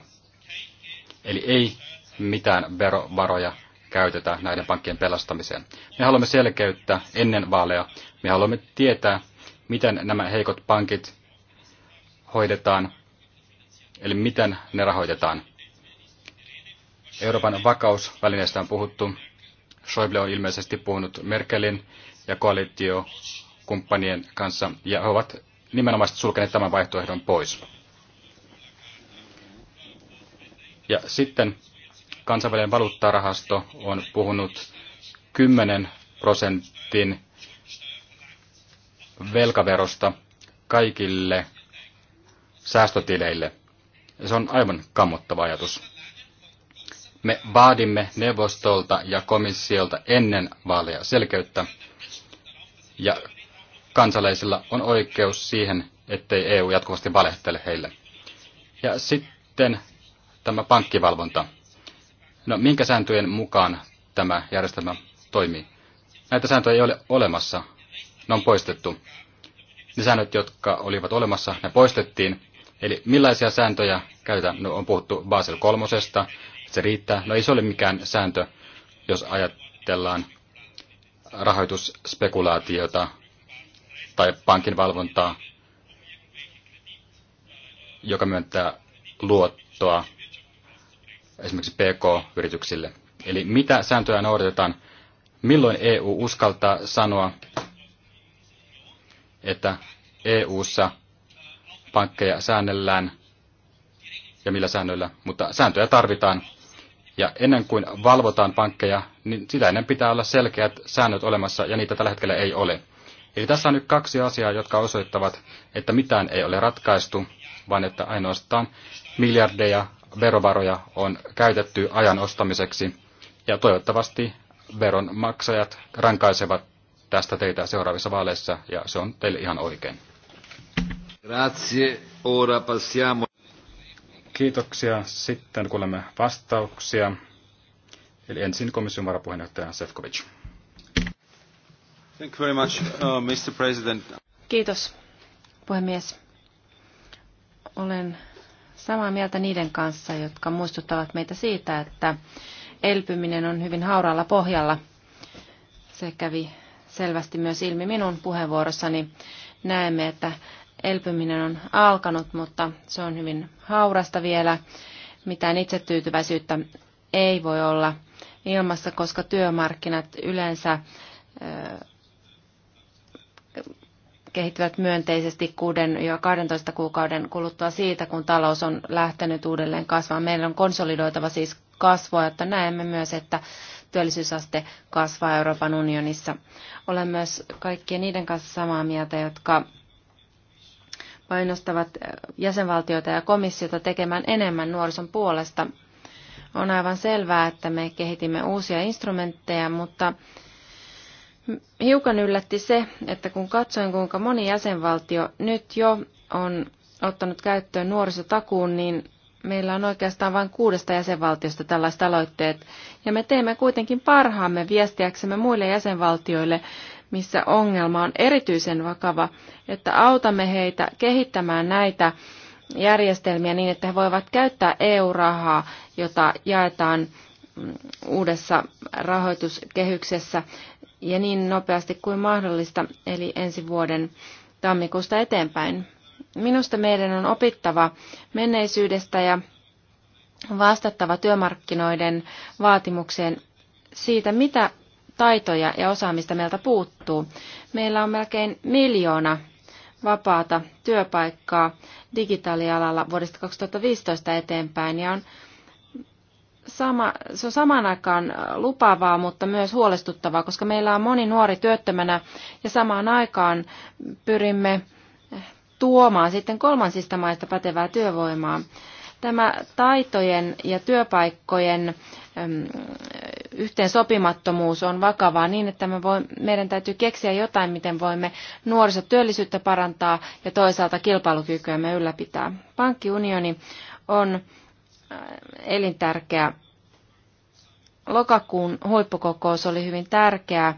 S2: Eli ei mitään verovaroja käytetä näiden pankkien pelastamiseen. Me haluamme selkeyttä ennen vaaleja. Me haluamme tietää, miten nämä heikot pankit hoidetaan, eli miten ne rahoitetaan. Euroopan vakausvälineestä on puhuttu. Schäuble on ilmeisesti puhunut Merkelin ja koalitiokumppanien kanssa, ja he ovat nimenomaan sulkeneet tämän vaihtoehdon pois. Ja sitten kansainvälinen valuuttarahasto on puhunut 10 prosentin velkaverosta kaikille säästötileille. Ja se on aivan kammottava ajatus. Me vaadimme neuvostolta ja komissiolta ennen vaaleja selkeyttä. Ja kansalaisilla on oikeus siihen, ettei EU jatkuvasti valehtele heille. Ja sitten tämä pankkivalvonta. No, minkä sääntöjen mukaan tämä järjestelmä toimii? Näitä sääntöjä ei ole olemassa. Ne on poistettu. Ne säännöt, jotka olivat olemassa, ne poistettiin. Eli millaisia sääntöjä käytetään? No, on puhuttu Basel kolmosesta, että se riittää. No ei se ole mikään sääntö, jos ajatellaan rahoitusspekulaatiota tai pankin valvontaa, joka myöntää luottoa esimerkiksi PK-yrityksille. Eli mitä sääntöjä noudatetaan? Milloin EU uskaltaa sanoa, että EU:ssa pankkeja säännellään ja millä säännöillä, mutta sääntöjä tarvitaan. Ja ennen kuin valvotaan pankkeja, niin sitä ennen pitää olla selkeät säännöt olemassa, ja niitä tällä hetkellä ei ole. Eli tässä on nyt kaksi asiaa, jotka osoittavat, että mitään ei ole ratkaistu, vaan että ainoastaan miljardeja verovaroja on käytetty ajan ostamiseksi. Ja toivottavasti veronmaksajat rankaisevat tästä teitä seuraavissa vaaleissa, ja se on teille ihan oikein. Grazie. Ora passiamo. Kiitoksia. Sitten kuulemme vastauksia. Eli ensin komission varapuheenjohtaja Sefcovic.
S1: Thank you very much, uh, Mr. President.
S3: Kiitos, puhemies. Olen samaa mieltä niiden kanssa, jotka muistuttavat meitä siitä, että elpyminen on hyvin hauraalla pohjalla. Se kävi selvästi myös ilmi minun puheenvuorossani. Näemme, että elpyminen on alkanut, mutta se on hyvin haurasta vielä. Mitään itsetyytyväisyyttä ei voi olla ilmassa, koska työmarkkinat yleensä kehittyvät myönteisesti 6 ja 12 kuukauden kuluttua siitä, kun talous on lähtenyt uudelleen kasvamaan. Meidän on konsolidoitava siis kasvua, että näemme myös, että työllisyysaste kasvaa Euroopan unionissa. Olen myös kaikkien niiden kanssa samaa mieltä, jotka painostavat jäsenvaltioita ja komissiota tekemään enemmän nuorison puolesta. On aivan selvää, että me kehitimme uusia instrumentteja, mutta Hiukan yllätti se, että kun katsoin kuinka moni jäsenvaltio nyt jo on ottanut käyttöön nuorisotakuun, niin meillä on oikeastaan vain kuudesta jäsenvaltiosta tällaiset aloitteet. Ja me teemme kuitenkin parhaamme viestiäksemme muille jäsenvaltioille, missä ongelma on erityisen vakava, että autamme heitä kehittämään näitä järjestelmiä niin, että he voivat käyttää EU-rahaa, jota jaetaan mm, uudessa rahoituskehyksessä ja niin nopeasti kuin mahdollista, eli ensi vuoden tammikuusta eteenpäin. Minusta meidän on opittava menneisyydestä ja vastattava työmarkkinoiden vaatimukseen siitä, mitä taitoja ja osaamista meiltä puuttuu. Meillä on melkein miljoona vapaata työpaikkaa digitaalialalla vuodesta 2015 eteenpäin ja on sama, se on samaan aikaan lupavaa, mutta myös huolestuttavaa, koska meillä on moni nuori työttömänä ja samaan aikaan pyrimme tuomaan sitten kolmansista maista pätevää työvoimaa. Tämä taitojen ja työpaikkojen yhteensopimattomuus on vakavaa niin, että me voi, meidän täytyy keksiä jotain, miten voimme nuorisotyöllisyyttä parantaa ja toisaalta kilpailukykyämme ylläpitää. Pankkiunioni on elintärkeä. Lokakuun huippukokous oli hyvin tärkeä,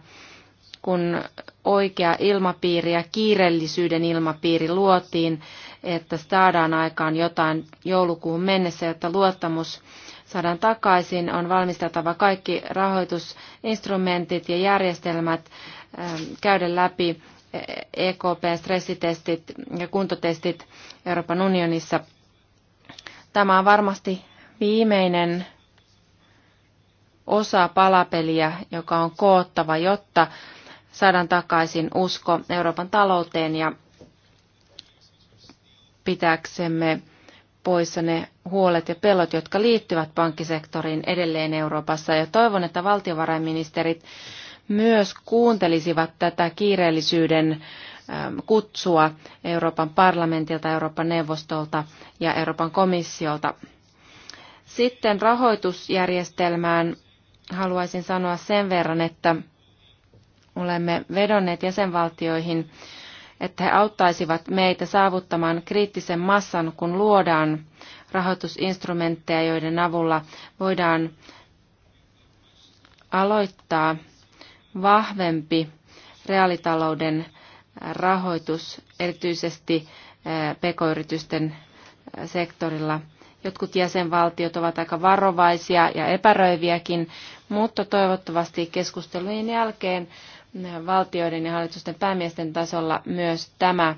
S3: kun oikea ilmapiiri ja kiireellisyyden ilmapiiri luotiin, että saadaan aikaan jotain joulukuun mennessä, jotta luottamus saadaan takaisin, on valmisteltava kaikki rahoitusinstrumentit ja järjestelmät, ähm, käydä läpi EKP-stressitestit e, e, ja kuntotestit Euroopan unionissa – Tämä on varmasti viimeinen osa palapeliä, joka on koottava, jotta saadaan takaisin usko Euroopan talouteen ja pitääksemme poissa ne huolet ja pelot, jotka liittyvät pankkisektoriin edelleen Euroopassa. Ja toivon, että valtiovarainministerit myös kuuntelisivat tätä kiireellisyyden kutsua Euroopan parlamentilta, Euroopan neuvostolta ja Euroopan komissiolta. Sitten rahoitusjärjestelmään haluaisin sanoa sen verran, että olemme vedonneet jäsenvaltioihin, että he auttaisivat meitä saavuttamaan kriittisen massan, kun luodaan rahoitusinstrumentteja, joiden avulla voidaan aloittaa vahvempi reaalitalouden rahoitus erityisesti eh, pk-yritysten eh, sektorilla. Jotkut jäsenvaltiot ovat aika varovaisia ja epäröiviäkin, mutta toivottavasti keskustelujen jälkeen eh, valtioiden ja hallitusten päämiesten tasolla myös tämä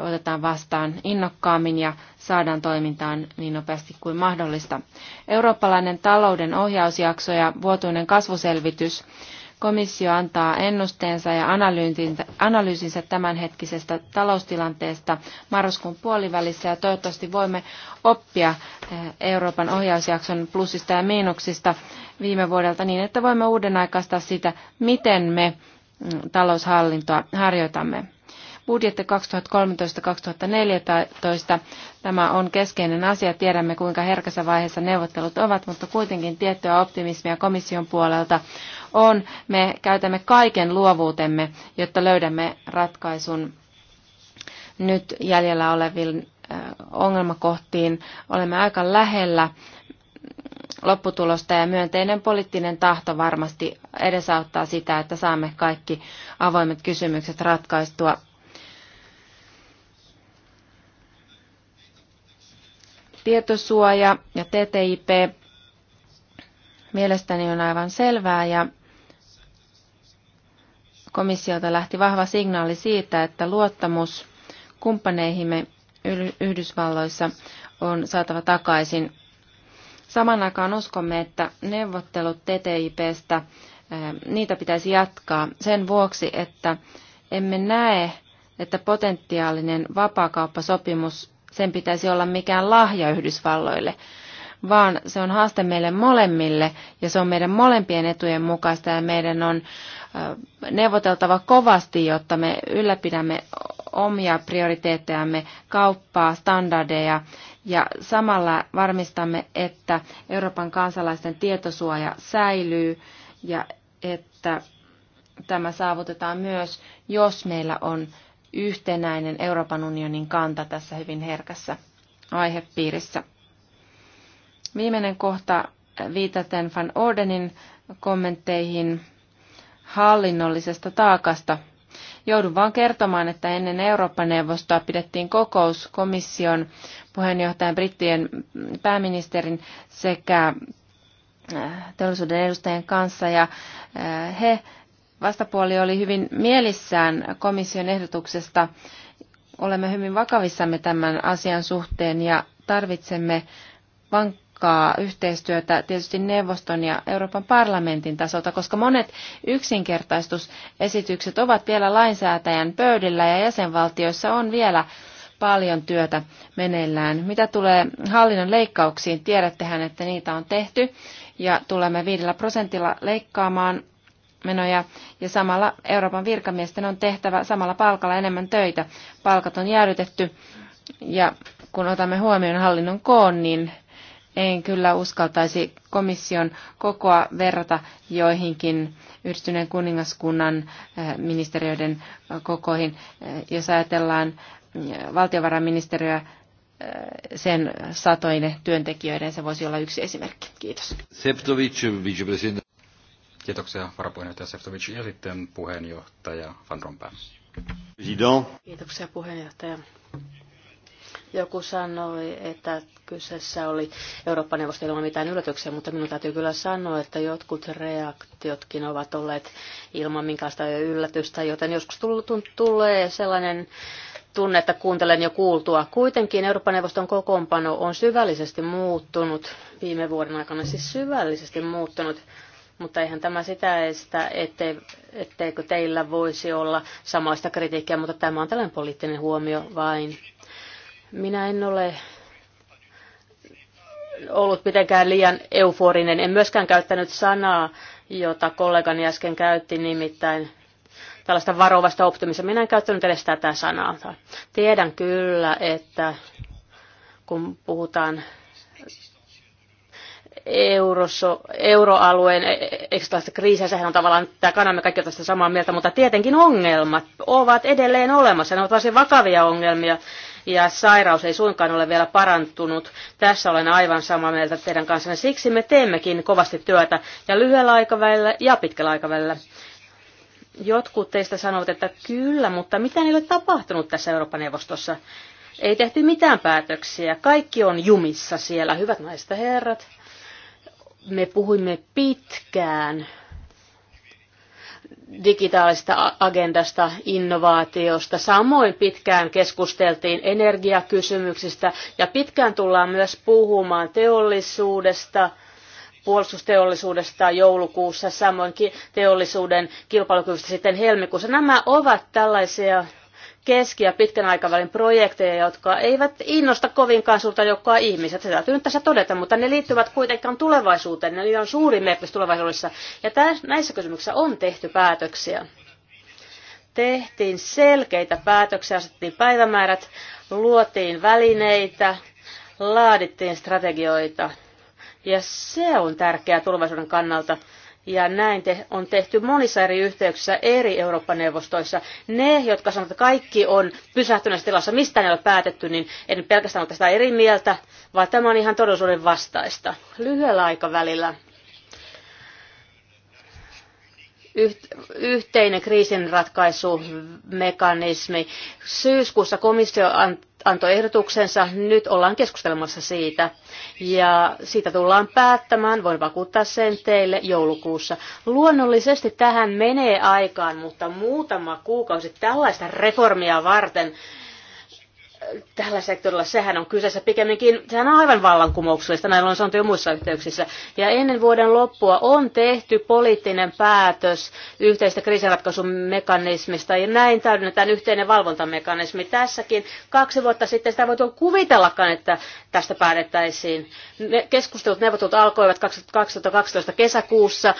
S3: otetaan vastaan innokkaammin ja saadaan toimintaan niin nopeasti kuin mahdollista. Eurooppalainen talouden ohjausjakso ja vuotuinen kasvuselvitys Komissio antaa ennusteensa ja analyysinsä tämänhetkisestä taloustilanteesta marraskuun puolivälissä ja toivottavasti voimme oppia eh, Euroopan ohjausjakson plussista ja miinuksista viime vuodelta niin, että voimme uudenaikaistaa sitä, miten me mm, taloushallintoa harjoitamme budjetti 2013-2014. Tämä on keskeinen asia. Tiedämme, kuinka herkässä vaiheessa neuvottelut ovat, mutta kuitenkin tiettyä optimismia komission puolelta on. Me käytämme kaiken luovuutemme, jotta löydämme ratkaisun nyt jäljellä oleviin äh, ongelmakohtiin. Olemme aika lähellä lopputulosta ja myönteinen poliittinen tahto varmasti edesauttaa sitä, että saamme kaikki avoimet kysymykset ratkaistua Tietosuoja ja TTIP mielestäni on aivan selvää ja komissiolta lähti vahva signaali siitä, että luottamus kumppaneihimme Yhdysvalloissa on saatava takaisin. Saman aikaan uskomme, että neuvottelut TTIPstä, niitä pitäisi jatkaa sen vuoksi, että emme näe, että potentiaalinen vapaakauppasopimus sen pitäisi olla mikään lahja Yhdysvalloille, vaan se on haaste meille molemmille ja se on meidän molempien etujen mukaista ja meidän on neuvoteltava kovasti, jotta me ylläpidämme omia prioriteettejamme, kauppaa, standardeja ja samalla varmistamme, että Euroopan kansalaisten tietosuoja säilyy ja että tämä saavutetaan myös, jos meillä on yhtenäinen Euroopan unionin kanta tässä hyvin herkässä aihepiirissä. Viimeinen kohta viitaten Van Ordenin kommentteihin hallinnollisesta taakasta. Joudun vaan kertomaan, että ennen Eurooppa-neuvostoa pidettiin kokous komission puheenjohtajan, brittien pääministerin sekä äh, teollisuuden edustajien kanssa ja äh, he vastapuoli oli hyvin mielissään komission ehdotuksesta. Olemme hyvin vakavissamme tämän asian suhteen ja tarvitsemme vankkaa yhteistyötä tietysti neuvoston ja Euroopan parlamentin tasolta, koska monet yksinkertaistusesitykset ovat vielä lainsäätäjän pöydillä ja jäsenvaltioissa on vielä paljon työtä meneillään. Mitä tulee hallinnon leikkauksiin, tiedättehän, että niitä on tehty ja tulemme viidellä prosentilla leikkaamaan menoja ja samalla Euroopan virkamiesten on tehtävä samalla palkalla enemmän töitä. Palkat on jäädytetty ja kun otamme huomioon hallinnon koon, niin en kyllä uskaltaisi komission kokoa verrata joihinkin yhdistyneen kuningaskunnan eh, ministeriöiden kokoihin. Eh, jos ajatellaan eh, valtiovarainministeriöä, sen satoinen työntekijöiden, se voisi olla yksi esimerkki. Kiitos.
S2: Kiitoksia varapuheenjohtaja Seftovic ja sitten puheenjohtaja Van Rompuy.
S4: Kiitoksia puheenjohtaja. Joku sanoi, että kyseessä oli Euroopan neuvosto ilman mitään yllätyksiä, mutta minun täytyy kyllä sanoa, että jotkut reaktiotkin ovat olleet ilman minkäänlaista yllätystä, joten joskus tulee sellainen tunne, että kuuntelen jo kuultua. Kuitenkin Euroopan neuvoston kokoonpano on syvällisesti muuttunut viime vuoden aikana, siis syvällisesti muuttunut mutta eihän tämä sitä estä, ettei, etteikö teillä voisi olla samaista kritiikkiä, mutta tämä on tällainen poliittinen huomio vain. Minä en ole ollut mitenkään liian euforinen. En myöskään käyttänyt sanaa, jota kollegani äsken käytti, nimittäin tällaista varovasta optimista. Minä en käyttänyt edes tätä sanaa. Tiedän kyllä, että kun puhutaan euroso, euroalueen e- e- ekstraista kriisiä, sehän on tavallaan, tämä kannamme kaikki tästä samaa mieltä, mutta tietenkin ongelmat ovat edelleen olemassa, ne ovat varsin vakavia ongelmia, ja sairaus ei suinkaan ole vielä parantunut. Tässä olen aivan samaa mieltä teidän kanssanne. Siksi me teemmekin kovasti työtä ja lyhyellä aikavälillä ja pitkällä aikavälillä. Jotkut teistä sanovat, että kyllä, mutta mitä ei ole tapahtunut tässä Euroopan neuvostossa? Ei tehty mitään päätöksiä. Kaikki on jumissa siellä, hyvät naiset ja herrat me puhuimme pitkään digitaalista agendasta, innovaatiosta. Samoin pitkään keskusteltiin energiakysymyksistä ja pitkään tullaan myös puhumaan teollisuudesta, puolustusteollisuudesta joulukuussa, samoin teollisuuden kilpailukyvystä sitten helmikuussa. Nämä ovat tällaisia keski- ja pitkän aikavälin projekteja, jotka eivät innosta kovinkaan suurta joukkoa ihmisiä. Se täytyy nyt tässä todeta, mutta ne liittyvät kuitenkin tulevaisuuteen. Ne niillä on suuri merkitys tulevaisuudessa. Ja tässä, näissä kysymyksissä on tehty päätöksiä. Tehtiin selkeitä päätöksiä, asettiin päivämäärät, luotiin välineitä, laadittiin strategioita. Ja se on tärkeää tulevaisuuden kannalta. Ja näin te, on tehty monissa eri yhteyksissä eri Eurooppa-neuvostoissa. Ne, jotka sanovat, että kaikki on pysähtyneessä tilassa, mistä ne ole päätetty, niin en pelkästään ole tästä eri mieltä, vaan tämä on ihan todellisuuden vastaista. Lyhyellä aikavälillä yhteinen kriisinratkaisumekanismi. Syyskuussa komissio antoi ehdotuksensa. Nyt ollaan keskustelemassa siitä ja siitä tullaan päättämään, voin vakuuttaa sen teille joulukuussa. Luonnollisesti tähän menee aikaan, mutta muutama kuukausi tällaista reformia varten tällä sektorilla, sehän on kyseessä pikemminkin, sehän on aivan vallankumouksellista, näin on sanottu jo muissa yhteyksissä. Ja ennen vuoden loppua on tehty poliittinen päätös yhteistä kriisiratkaisumekanismista ja näin täydennetään yhteinen valvontamekanismi. Tässäkin kaksi vuotta sitten sitä ei voitu kuvitellakaan, että tästä päätettäisiin. Keskustelut, neuvottelut alkoivat 2012 kesäkuussa,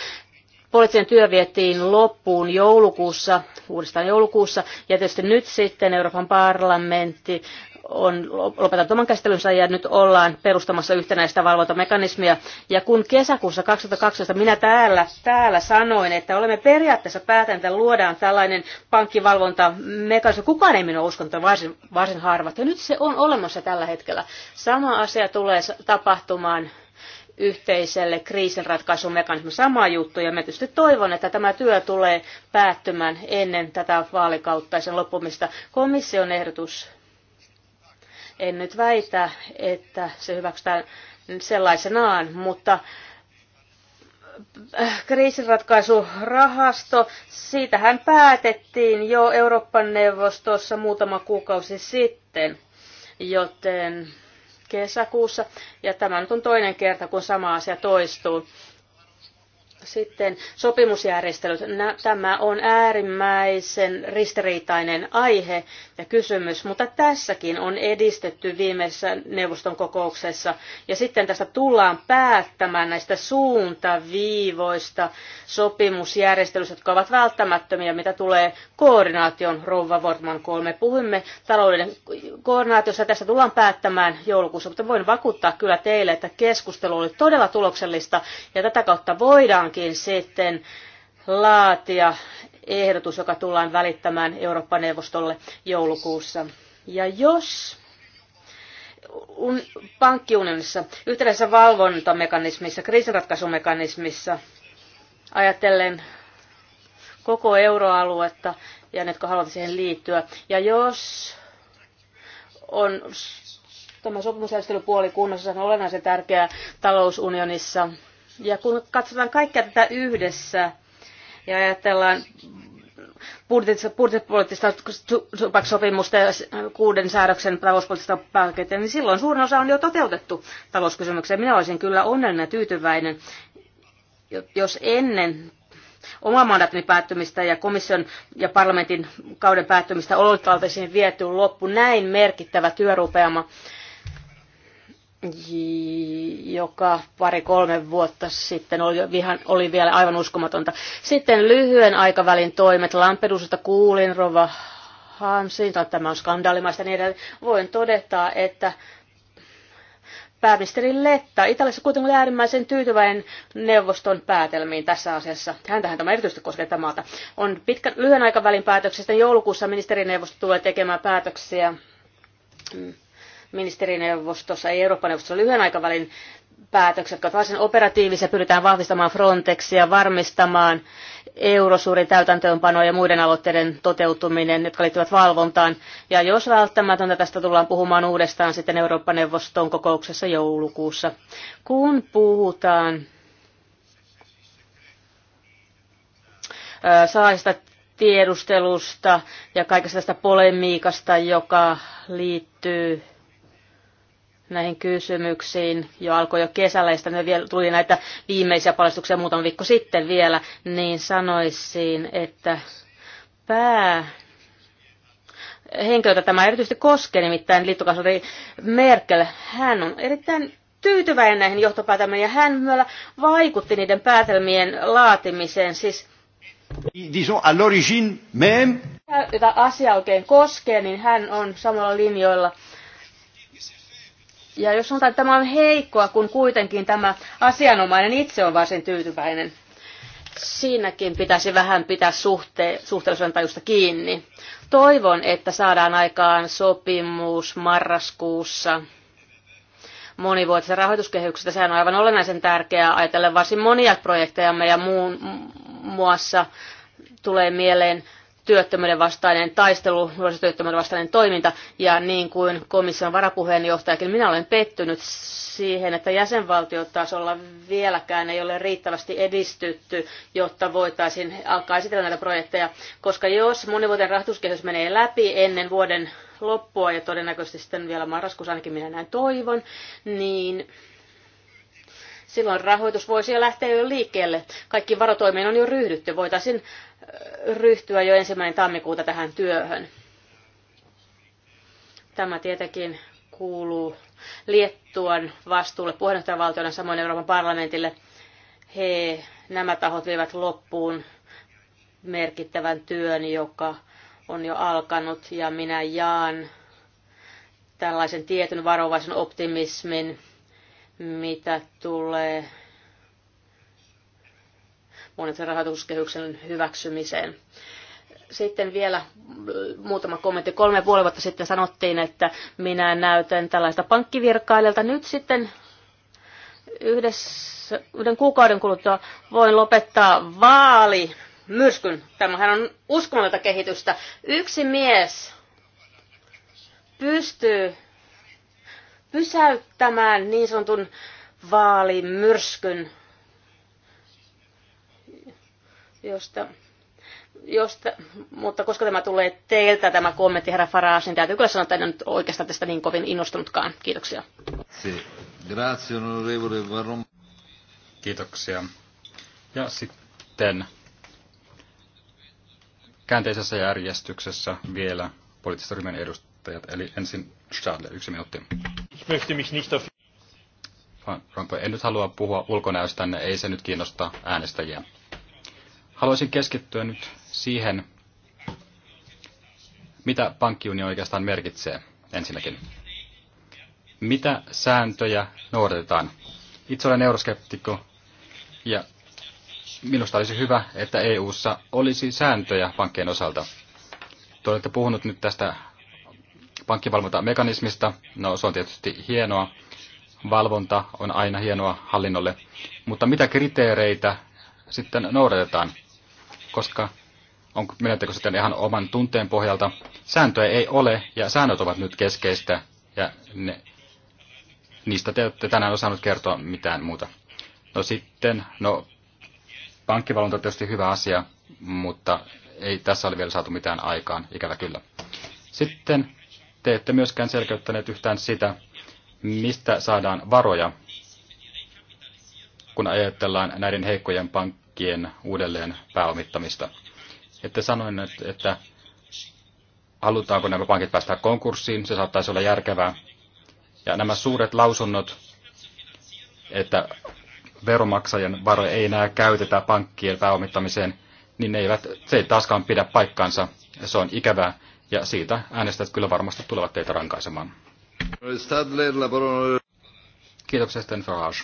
S4: Poliittinen työ vietiin loppuun joulukuussa, uudestaan joulukuussa, ja tietysti nyt sitten Euroopan parlamentti on lopettanut oman käsittelynsä ja nyt ollaan perustamassa yhtenäistä valvontamekanismia. Ja kun kesäkuussa 2012 minä täällä, täällä sanoin, että olemme periaatteessa päätäneet, että luodaan tällainen pankkivalvontamekanismi, kukaan ei minua uskonut, varsin, varsin harvat. Ja nyt se on olemassa tällä hetkellä. Sama asia tulee tapahtumaan yhteiselle kriisinratkaisumekanismille. Sama juttu, ja mä tietysti toivon, että tämä työ tulee päättymään ennen tätä vaalikautta ja sen loppumista. Komission ehdotus, en nyt väitä, että se hyväksytään sellaisenaan, mutta äh, kriisinratkaisurahasto, siitähän päätettiin jo Euroopan neuvostossa muutama kuukausi sitten, joten kesäkuussa. Ja tämä nyt on toinen kerta, kun sama asia toistuu. Sitten sopimusjärjestelyt. Tämä on äärimmäisen ristiriitainen aihe ja kysymys, mutta tässäkin on edistetty viimeisessä neuvoston kokouksessa. Ja sitten tästä tullaan päättämään näistä suuntaviivoista sopimusjärjestelyistä, jotka ovat välttämättömiä, mitä tulee koordinaation Rouva Wortman kolme. puhumme talouden koordinaatiosta, tästä tullaan päättämään joulukuussa, mutta voin vakuuttaa kyllä teille, että keskustelu oli todella tuloksellista ja tätä kautta voidaan voidaankin sitten laatia ehdotus, joka tullaan välittämään Eurooppa-neuvostolle joulukuussa. Ja jos un, pankkiunionissa, yhteydessä valvontamekanismissa, kriisinratkaisumekanismissa, ajatellen koko euroaluetta ja ne, jotka haluavat siihen liittyä. Ja jos on tämä sopimusjärjestelypuoli kunnossa, se on olennaisen tärkeää talousunionissa – ja kun katsotaan kaikkea tätä yhdessä ja ajatellaan budjettipoliittista sopimusta ja kuuden säädöksen talouspoliittista pakettia, niin silloin suurin osa on jo toteutettu talouskysymykseen. Minä olisin kyllä onnellinen ja tyytyväinen, jos ennen oman mandaattini päättymistä ja komission ja parlamentin kauden päättymistä oltaisiin viety loppu näin merkittävä työrupeama joka pari-kolme vuotta sitten oli, vihan, oli vielä aivan uskomatonta. Sitten lyhyen aikavälin toimet. Lampedusasta kuulin Rova Hansin, tai tämä on skandaalimaista niin edelleen. Voin todeta, että pääministeri Letta Italiassa kuitenkin oli äärimmäisen tyytyväinen neuvoston päätelmiin tässä asiassa. Häntähän tämä erityisesti koskettaa maata. On pitkän, lyhyen aikavälin päätöksestä. Joulukuussa ministerineuvosto tulee tekemään päätöksiä mm ministerineuvostossa, ei Euroopan neuvostossa lyhyen aikavälin päätökset, jotka ovat varsin operatiivisia, pyritään vahvistamaan Frontexia, varmistamaan eurosuurin täytäntöönpano ja muiden aloitteiden toteutuminen, jotka liittyvät valvontaan. Ja jos välttämätöntä tästä tullaan puhumaan uudestaan sitten Eurooppa-neuvoston kokouksessa joulukuussa, kun puhutaan salaisesta tiedustelusta ja kaikesta tästä polemiikasta, joka liittyy näihin kysymyksiin jo alkoi jo kesällä, ja me vielä tuli näitä viimeisiä paljastuksia muutama viikko sitten vielä, niin sanoisin, että pää henkilöitä tämä erityisesti koskee, nimittäin liittokansleri Merkel, hän on erittäin tyytyväinen näihin johtopäätelmiin ja hän myöllä vaikutti niiden päätelmien laatimiseen. Siis
S2: disons à l'origine même.
S4: Jota asia oikein koskee, niin hän on samalla linjoilla ja jos sanotaan, että tämä on heikkoa, kun kuitenkin tämä asianomainen itse on varsin tyytyväinen. Siinäkin pitäisi vähän pitää suhte- tajusta kiinni. Toivon, että saadaan aikaan sopimus marraskuussa monivuotisen rahoituskehyksestä. Sehän on aivan olennaisen tärkeää ajatella varsin monia projektejamme ja muun muassa tulee mieleen työttömyyden vastainen taistelu, nuorisotyöttömyyden vastainen toiminta, ja niin kuin komission varapuheenjohtajakin, minä olen pettynyt siihen, että jäsenvaltiotasolla vieläkään ei ole riittävästi edistytty, jotta voitaisiin alkaa esitellä näitä projekteja, koska jos monivuotinen rahoituskehys menee läpi ennen vuoden loppua, ja todennäköisesti sitten vielä marraskuussa ainakin minä näin toivon, niin silloin rahoitus voisi lähteä jo liikkeelle. Kaikki varotoimeen on jo ryhdytty. Voitaisiin ryhtyä jo ensimmäinen tammikuuta tähän työhön. Tämä tietenkin kuuluu Liettuan vastuulle puheenjohtajavaltiona samoin Euroopan parlamentille. He, nämä tahot vievät loppuun merkittävän työn, joka on jo alkanut ja minä jaan tällaisen tietyn varovaisen optimismin, mitä tulee monisen rahoituskehyksen hyväksymiseen. Sitten vielä muutama kommentti. Kolme puoli vuotta sitten sanottiin, että minä näytän tällaista pankkivirkailijalta. Nyt sitten yhdessä, yhden kuukauden kuluttua voin lopettaa vaali myrskyn. Tämähän on uskomatonta kehitystä. Yksi mies pystyy pysäyttämään niin sanotun vaalimyrskyn josta josta, mutta koska tämä tulee teiltä, tämä kommentti, herra Faraas, niin täytyy kyllä sanoa, että en nyt oikeastaan tästä niin kovin innostunutkaan. Kiitoksia.
S2: Kiitoksia. Ja sitten käänteisessä järjestyksessä vielä poliittisten ryhmien edustajat. Eli ensin Stadler, yksi minuutti. en nyt halua puhua ulkonäöstänne, ei se nyt kiinnosta äänestäjiä. Haluaisin keskittyä nyt siihen, mitä pankkiuni oikeastaan merkitsee ensinnäkin. Mitä sääntöjä noudatetaan? Itse olen euroskeptikko ja minusta olisi hyvä, että EU:ssa olisi sääntöjä pankkien osalta. Te olette puhunut nyt tästä pankkivalvontamekanismista. No se on tietysti hienoa. Valvonta on aina hienoa hallinnolle. Mutta mitä kriteereitä sitten noudatetaan? koska on, menettekö sitten ihan oman tunteen pohjalta. Sääntöjä ei ole, ja säännöt ovat nyt keskeistä, ja ne, niistä te olette tänään osannut kertoa mitään muuta. No sitten, no pankkivalvonta on tietysti hyvä asia, mutta ei tässä ole vielä saatu mitään aikaan, ikävä kyllä. Sitten te ette myöskään selkeyttäneet yhtään sitä, mistä saadaan varoja, kun ajatellaan näiden heikkojen pankkien pankkien uudelleen pääomittamista. Ette sanoin, että halutaanko nämä pankit päästä konkurssiin, se saattaisi olla järkevää. Ja nämä suuret lausunnot, että veromaksajien varoja ei enää käytetä pankkien pääomittamiseen, niin ne eivät, se ei taaskaan pidä paikkaansa. Se on ikävää, ja siitä äänestäjät kyllä varmasti tulevat teitä rankaisemaan. Kiitoksia, Sten Farage.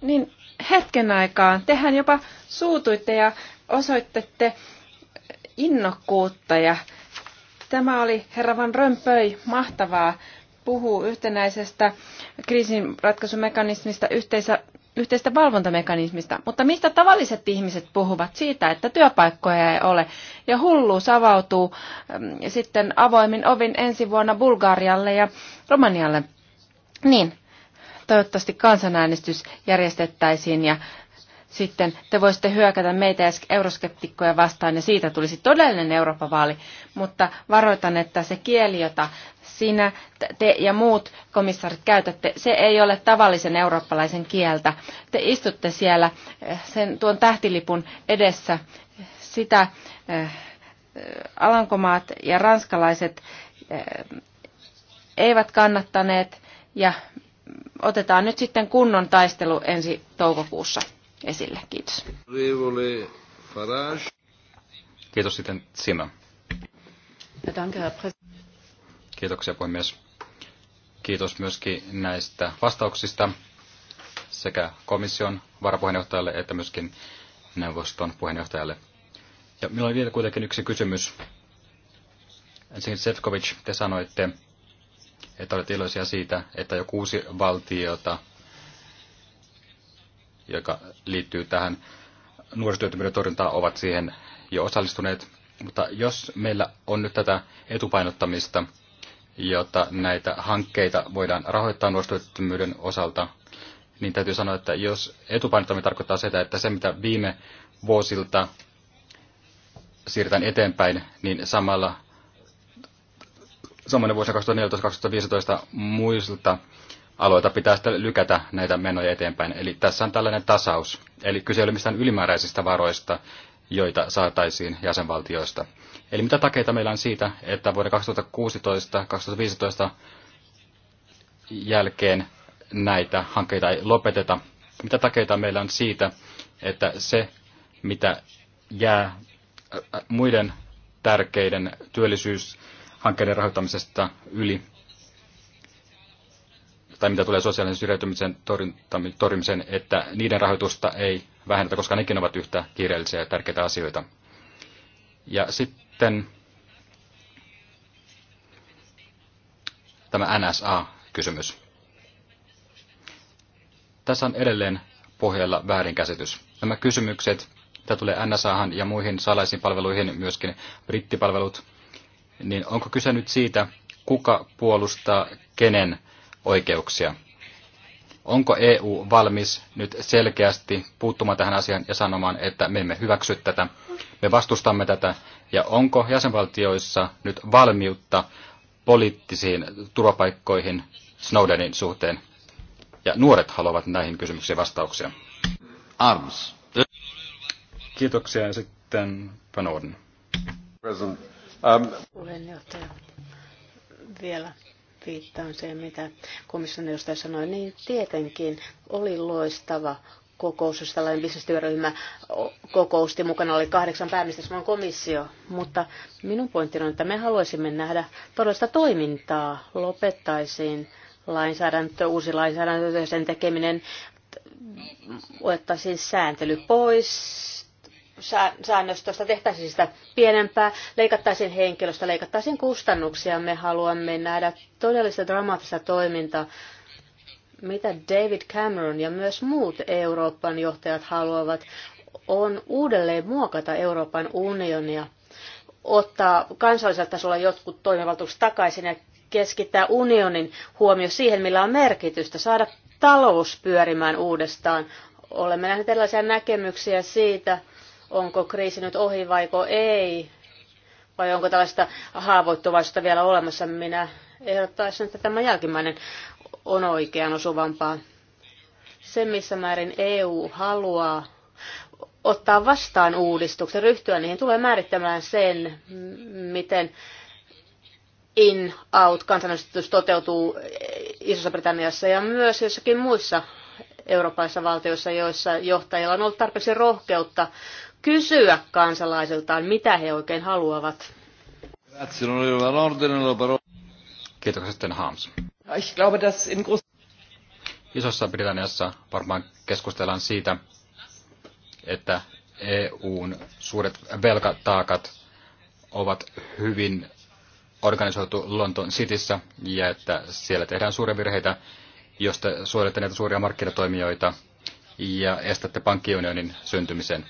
S3: Niin, hetken aikaa. Tehän jopa suutuitte ja osoittette innokkuutta ja tämä oli herra Van Römpöi mahtavaa puhuu yhtenäisestä kriisinratkaisumekanismista, yhteisä, yhteistä valvontamekanismista. Mutta mistä tavalliset ihmiset puhuvat? Siitä, että työpaikkoja ei ole. Ja hulluus avautuu ähm, mm, sitten avoimin ovin ensi vuonna Bulgarialle ja Romanialle. Niin, Toivottavasti kansanäänestys järjestettäisiin ja sitten te voisitte hyökätä meitä ja euroskeptikkoja vastaan ja siitä tulisi todellinen Euroopan vaali. Mutta varoitan, että se kieli, jota sinä, te ja muut komissaarit käytätte, se ei ole tavallisen eurooppalaisen kieltä. Te istutte siellä eh, sen, tuon tähtilipun edessä. Sitä äh, alankomaat ja ranskalaiset äh, eivät kannattaneet ja otetaan nyt sitten kunnon taistelu ensi toukokuussa esille. Kiitos.
S2: Kiitos sitten Sima. Kiitoksia puhemies. Kiitos myöskin näistä vastauksista sekä komission varapuheenjohtajalle että myöskin neuvoston puheenjohtajalle. Ja minulla on vielä kuitenkin yksi kysymys. Ensinnäkin Sefcovic, te sanoitte, että olet iloisia siitä, että jo kuusi valtiota, joka liittyy tähän nuorisotyöttömyyden torjuntaan, ovat siihen jo osallistuneet. Mutta jos meillä on nyt tätä etupainottamista, jotta näitä hankkeita voidaan rahoittaa nuorisotyöttömyyden osalta, niin täytyy sanoa, että jos etupainottaminen tarkoittaa sitä, että se mitä viime vuosilta siirretään eteenpäin, niin samalla samoin vuosina 2014-2015 muilta aloilta pitää sitten lykätä näitä menoja eteenpäin. Eli tässä on tällainen tasaus. Eli kyse ei ole mistään ylimääräisistä varoista, joita saataisiin jäsenvaltioista. Eli mitä takeita meillä on siitä, että vuoden 2016-2015 jälkeen näitä hankkeita ei lopeteta? Mitä takeita meillä on siitä, että se, mitä jää muiden tärkeiden työllisyys- hankkeiden rahoittamisesta yli, tai mitä tulee sosiaalisen syrjäytymisen torjumiseen, että niiden rahoitusta ei vähennetä, koska nekin ovat yhtä kiireellisiä ja tärkeitä asioita. Ja sitten tämä NSA-kysymys. Tässä on edelleen pohjalla väärinkäsitys. Nämä kysymykset, mitä tulee NSAhan ja muihin salaisiin palveluihin, myöskin brittipalvelut, niin onko kyse nyt siitä, kuka puolustaa kenen oikeuksia? Onko EU valmis nyt selkeästi puuttumaan tähän asiaan ja sanomaan, että me emme hyväksy tätä, me vastustamme tätä, ja onko jäsenvaltioissa nyt valmiutta poliittisiin turvapaikkoihin Snowdenin suhteen? Ja nuoret haluavat näihin kysymyksiin vastauksia. Arms. Kiitoksia ja sitten Van Orden. Ähm,
S4: Puheenjohtaja, vielä viittaan siihen, mitä komission edustaja sanoi. Niin tietenkin oli loistava kokous, jos tällainen bisnestyöryhmä kokousti, mukana oli kahdeksan pääministeriä, komissio. Mutta minun pointtini on, että me haluaisimme nähdä todellista toimintaa. Lopettaisiin lainsäädäntö, uusi lainsäädäntö ja sen tekeminen, otettaisiin sääntely pois, säännöstöstä tehtäisiin sitä pienempää, leikattaisiin henkilöstä, leikattaisiin kustannuksia. Me haluamme nähdä todellista dramaattista toimintaa, mitä David Cameron ja myös muut Euroopan johtajat haluavat, on uudelleen muokata Euroopan unionia, ottaa kansallisella tasolla jotkut toimivaltuukset takaisin ja keskittää unionin huomio siihen, millä on merkitystä, saada talous pyörimään uudestaan. Olemme nähneet erilaisia näkemyksiä siitä, onko kriisi nyt ohi vaiko ei, vai onko tällaista haavoittuvaisuutta vielä olemassa. Minä ehdottaisin, että tämä jälkimmäinen on oikean osuvampaa. Se, missä määrin EU haluaa ottaa vastaan uudistuksen, ryhtyä niihin, tulee määrittämään sen, miten in-out kansanäänestys toteutuu Isossa Britanniassa ja myös jossakin muissa eurooppalaisissa valtioissa, joissa johtajilla on ollut tarpeeksi rohkeutta kysyä kansalaisiltaan, mitä he oikein haluavat.
S2: Kiitoksia sitten Hans. Isossa Britanniassa varmaan keskustellaan siitä, että EUn suuret velkataakat ovat hyvin organisoitu London Cityssä ja että siellä tehdään suuria virheitä, josta suojelette näitä suuria markkinatoimijoita ja estätte pankkiunionin syntymisen.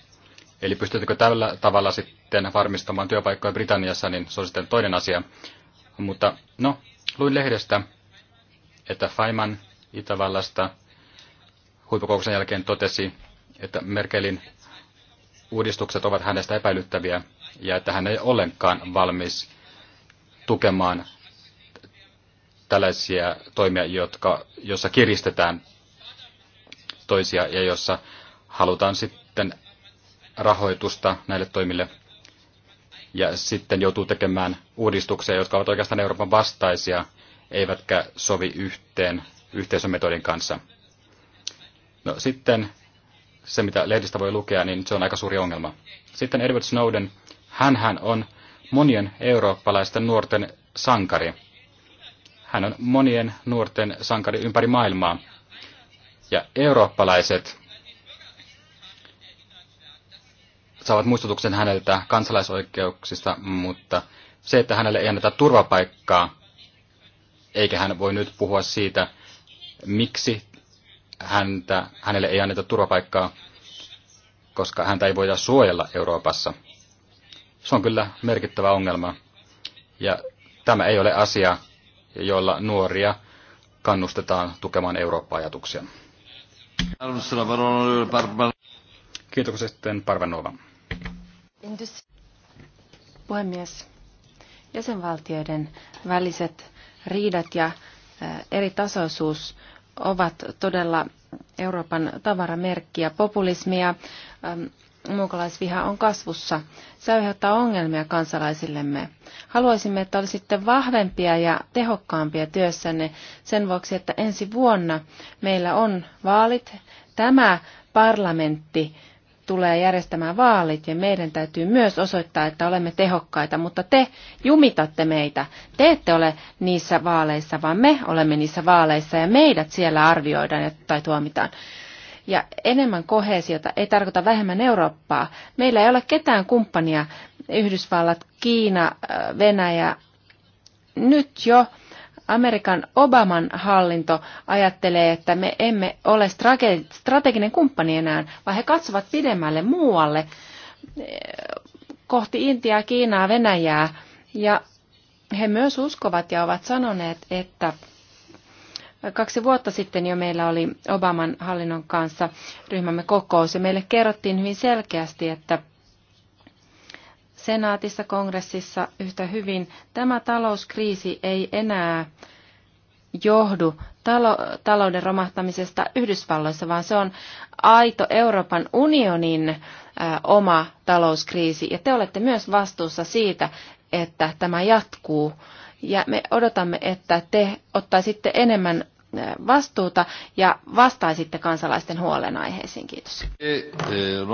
S2: Eli pystytkö tällä tavalla sitten varmistamaan työpaikkoja Britanniassa, niin se on sitten toinen asia. Mutta no, luin lehdestä, että Feynman Itävallasta huippukokouksen jälkeen totesi, että Merkelin uudistukset ovat hänestä epäilyttäviä ja että hän ei ollenkaan valmis tukemaan tällaisia toimia, jotka, jossa kiristetään toisia ja jossa halutaan sitten rahoitusta näille toimille ja sitten joutuu tekemään uudistuksia, jotka ovat oikeastaan Euroopan vastaisia, eivätkä sovi yhteen yhteisömetodin kanssa. No sitten se, mitä lehdistä voi lukea, niin se on aika suuri ongelma. Sitten Edward Snowden, hän hän on monien eurooppalaisten nuorten sankari. Hän on monien nuorten sankari ympäri maailmaa. Ja eurooppalaiset saavat muistutuksen häneltä kansalaisoikeuksista, mutta se, että hänelle ei anneta turvapaikkaa, eikä hän voi nyt puhua siitä, miksi häntä, hänelle ei anneta turvapaikkaa, koska häntä ei voida suojella Euroopassa. Se on kyllä merkittävä ongelma. Ja tämä ei ole asia, jolla nuoria kannustetaan tukemaan Eurooppa-ajatuksia. Kiitoksia sitten Parvenova.
S3: Puhemies, jäsenvaltioiden väliset riidat ja eri tasoisuus ovat todella Euroopan tavaramerkki ja populismi ja muukalaisviha on kasvussa. Se aiheuttaa ongelmia kansalaisillemme. Haluaisimme, että olisitte vahvempia ja tehokkaampia työssänne sen vuoksi, että ensi vuonna meillä on vaalit. Tämä parlamentti tulee järjestämään vaalit ja meidän täytyy myös osoittaa, että olemme tehokkaita, mutta te jumitatte meitä. Te ette ole niissä vaaleissa, vaan me olemme niissä vaaleissa ja meidät siellä arvioidaan tai tuomitaan. Ja enemmän kohesiota ei tarkoita vähemmän Eurooppaa. Meillä ei ole ketään kumppania, Yhdysvallat, Kiina, Venäjä. Nyt jo Amerikan Obaman hallinto ajattelee, että me emme ole strateginen kumppani enää, vaan he katsovat pidemmälle muualle eh, kohti Intiaa, Kiinaa, Venäjää. Ja he myös uskovat ja ovat sanoneet, että kaksi vuotta sitten jo meillä oli Obaman hallinnon kanssa ryhmämme kokous ja meille kerrottiin hyvin selkeästi, että senaatissa, kongressissa yhtä hyvin. Tämä talouskriisi ei enää johdu talo- talouden romahtamisesta Yhdysvalloissa, vaan se on aito Euroopan unionin ä, oma talouskriisi. Ja te olette myös vastuussa siitä, että tämä jatkuu. Ja me odotamme, että te ottaisitte enemmän vastuuta ja vastaisitte kansalaisten huolenaiheisiin. Kiitos.
S1: Eh, eh,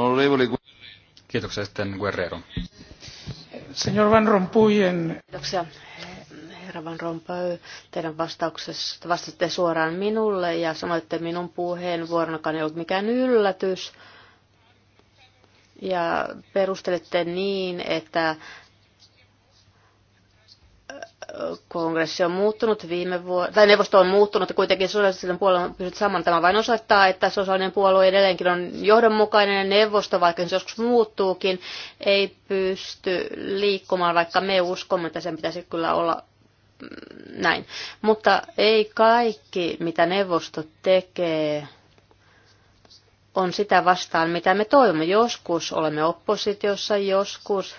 S2: Kiitoksia sitten Guerrero.
S4: Señor Van Kiitoksia herra Van Rompuy. Teidän vastauksesta vastasitte suoraan minulle ja sanoitte minun puheenvuoronakaan ei ollut mikään yllätys. Ja perustelette niin, että kongressi on muuttunut viime vuonna, tai neuvosto on muuttunut ja kuitenkin sosiaalisen puolueen on pysynyt saman. Tämä vain osoittaa, että sosiaalinen puolue edelleenkin on johdonmukainen ja neuvosto, vaikka se joskus muuttuukin, ei pysty liikkumaan, vaikka me uskomme, että sen pitäisi kyllä olla mm, näin. Mutta ei kaikki, mitä neuvosto tekee, on sitä vastaan, mitä me toivomme. Joskus olemme oppositiossa, joskus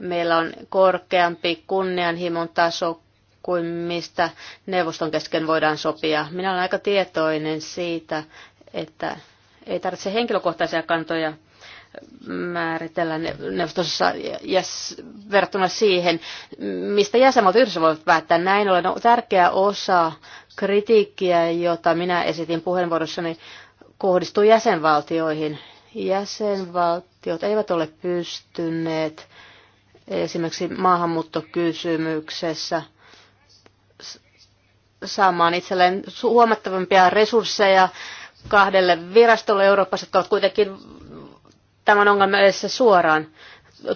S4: meillä on korkeampi kunnianhimon taso kuin mistä neuvoston kesken voidaan sopia. Minä olen aika tietoinen siitä, että ei tarvitse henkilökohtaisia kantoja määritellä neuvostossa ja verrattuna siihen, mistä jäsenmaat yhdessä voivat päättää. Näin ollen tärkeä osa kritiikkiä, jota minä esitin puheenvuorossani, kohdistuu jäsenvaltioihin. Jäsenvaltiot eivät ole pystyneet esimerkiksi maahanmuuttokysymyksessä saamaan itselleen huomattavampia resursseja kahdelle virastolle Euroopassa, jotka ovat kuitenkin tämän ongelman edessä suoraan.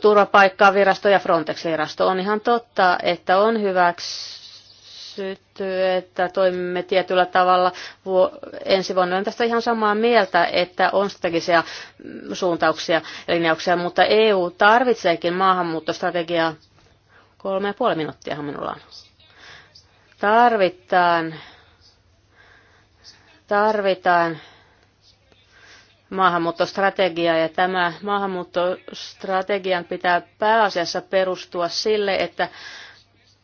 S4: Turvapaikkaa virasto ja Frontex-virasto. On ihan totta, että on hyväksi hyväksytty, että toimimme tietyllä tavalla ensi vuonna. Olen tästä ihan samaa mieltä, että on strategisia mm, suuntauksia ja linjauksia, mutta EU tarvitseekin maahanmuuttostrategiaa. Kolme ja puoli minuuttiahan minulla on. Tarvitaan, tarvitaan maahanmuuttostrategia ja tämä maahanmuuttostrategian pitää pääasiassa perustua sille, että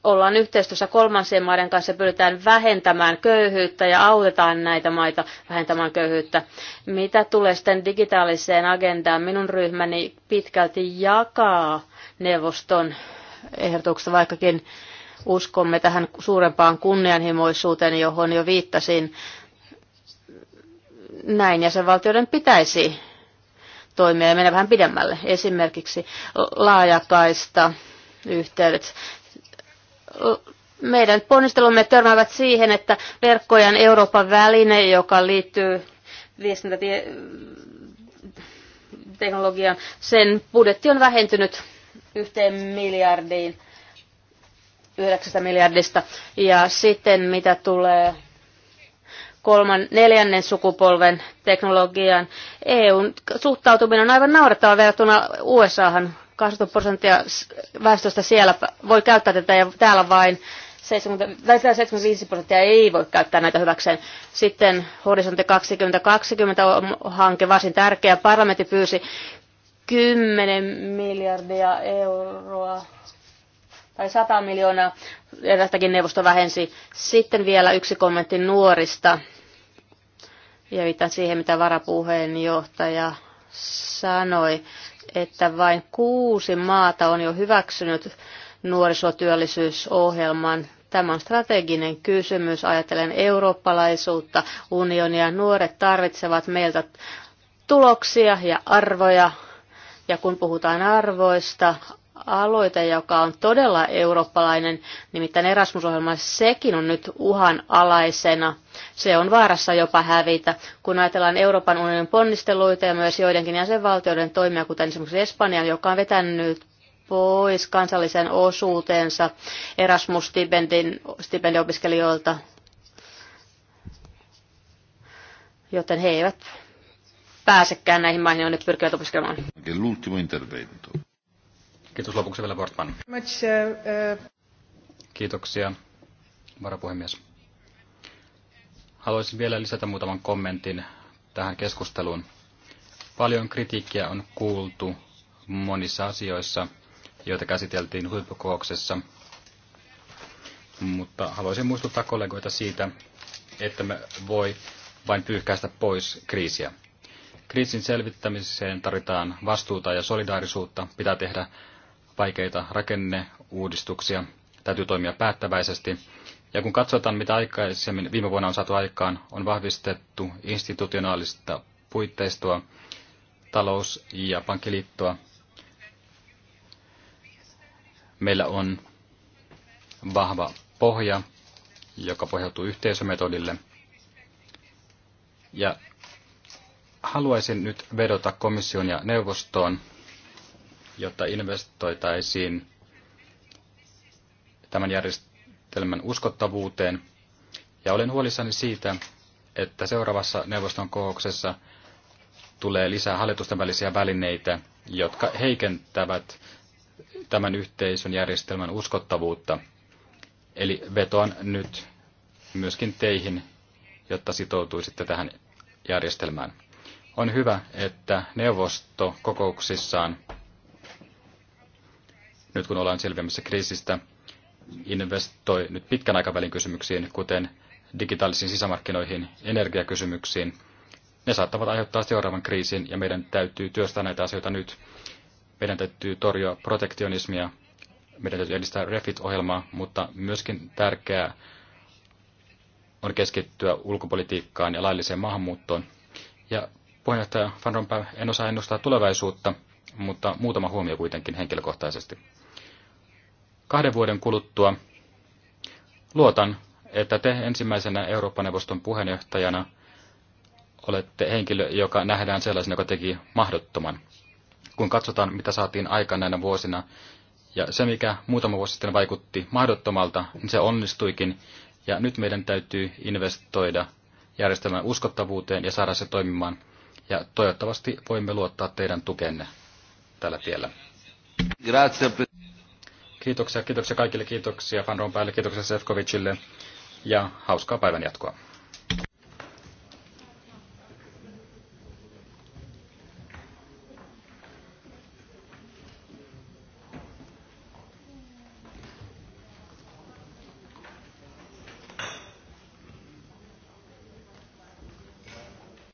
S4: ollaan yhteistyössä kolmansien maiden kanssa pyritään vähentämään köyhyyttä ja autetaan näitä maita vähentämään köyhyyttä. Mitä tulee sitten digitaaliseen agendaan, minun ryhmäni pitkälti jakaa neuvoston ehdotuksesta vaikkakin uskomme tähän suurempaan kunnianhimoisuuteen, johon jo viittasin. Näin jäsenvaltioiden pitäisi toimia ja mennä vähän pidemmälle. Esimerkiksi laajakaista yhteydet meidän ponnistelumme törmäävät siihen, että verkkojen Euroopan väline, joka liittyy viestintäteknologiaan, sen budjetti on vähentynyt yhteen miljardiin, yhdeksästä miljardista. Ja sitten mitä tulee kolman, neljännen sukupolven teknologiaan, EUn suhtautuminen on aivan naurettava verrattuna USAhan 80 prosenttia väestöstä siellä voi käyttää tätä ja täällä vain 75 prosenttia ei voi käyttää näitä hyväkseen. Sitten Horisontti 2020 hanke varsin tärkeä. Parlamentti pyysi 10 miljardia euroa tai 100 miljoonaa, ja tästäkin neuvosto vähensi. Sitten vielä yksi kommentti nuorista, ja viittaan siihen, mitä varapuheenjohtaja sanoi että vain kuusi maata on jo hyväksynyt nuorisotyöllisyysohjelman. Tämä on strateginen kysymys, ajatellen eurooppalaisuutta, unionia. Nuoret tarvitsevat meiltä tuloksia ja arvoja. Ja kun puhutaan arvoista, aloite, joka on todella eurooppalainen, nimittäin Erasmus-ohjelma, sekin on nyt uhanalaisena. Se on vaarassa jopa hävitä. Kun ajatellaan Euroopan unionin ponnisteluita ja myös joidenkin jäsenvaltioiden toimia, kuten esimerkiksi Espanjan, joka on vetänyt pois kansallisen osuutensa erasmus stipendiopiskelijoilta joten he eivät pääsekään näihin maihin, jonne pyrkivät opiskelemaan.
S2: Kiitos lopuksi vielä Portman. Kiitoksia, varapuhemies. Haluaisin vielä lisätä muutaman kommentin tähän keskusteluun. Paljon kritiikkiä on kuultu monissa asioissa, joita käsiteltiin huippukokouksessa, mutta haluaisin muistuttaa kollegoita siitä, että me voi vain pyyhkäistä pois kriisiä. Kriisin selvittämiseen tarvitaan vastuuta ja solidaarisuutta, pitää tehdä vaikeita rakenneuudistuksia. Täytyy toimia päättäväisesti. Ja kun katsotaan, mitä aikaisemmin viime vuonna on saatu aikaan, on vahvistettu institutionaalista puitteistoa, talous- ja pankkiliittoa. Meillä on vahva pohja, joka pohjautuu yhteisömetodille. Ja haluaisin nyt vedota komission ja neuvostoon jotta investoitaisiin tämän järjestelmän uskottavuuteen. Ja olen huolissani siitä, että seuraavassa neuvoston kokouksessa tulee lisää hallitusten välisiä välineitä, jotka heikentävät tämän yhteisön järjestelmän uskottavuutta. Eli vetoan nyt myöskin teihin, jotta sitoutuisitte tähän järjestelmään. On hyvä, että neuvosto kokouksissaan nyt kun ollaan selviämässä kriisistä, investoi nyt pitkän aikavälin kysymyksiin, kuten digitaalisiin sisämarkkinoihin, energiakysymyksiin. Ne saattavat aiheuttaa seuraavan kriisin ja meidän täytyy työstää näitä asioita nyt. Meidän täytyy torjua protektionismia, meidän täytyy edistää REFIT-ohjelmaa, mutta myöskin tärkeää on keskittyä ulkopolitiikkaan ja lailliseen maahanmuuttoon. Ja puheenjohtaja Van Rompuy, en osaa ennustaa tulevaisuutta, mutta muutama huomio kuitenkin henkilökohtaisesti kahden vuoden kuluttua luotan, että te ensimmäisenä Eurooppa-neuvoston puheenjohtajana olette henkilö, joka nähdään sellaisena, joka teki mahdottoman. Kun katsotaan, mitä saatiin aikaan näinä vuosina, ja se, mikä muutama vuosi sitten vaikutti mahdottomalta, niin se onnistuikin, ja nyt meidän täytyy investoida järjestelmän uskottavuuteen ja saada se toimimaan, ja toivottavasti voimme luottaa teidän tukenne tällä tiellä. Grazie. Kiitoksia, kiitoksia kaikille, kiitoksia Van Rompuylle, kiitoksia Sefcovicille ja hauskaa päivän jatkoa.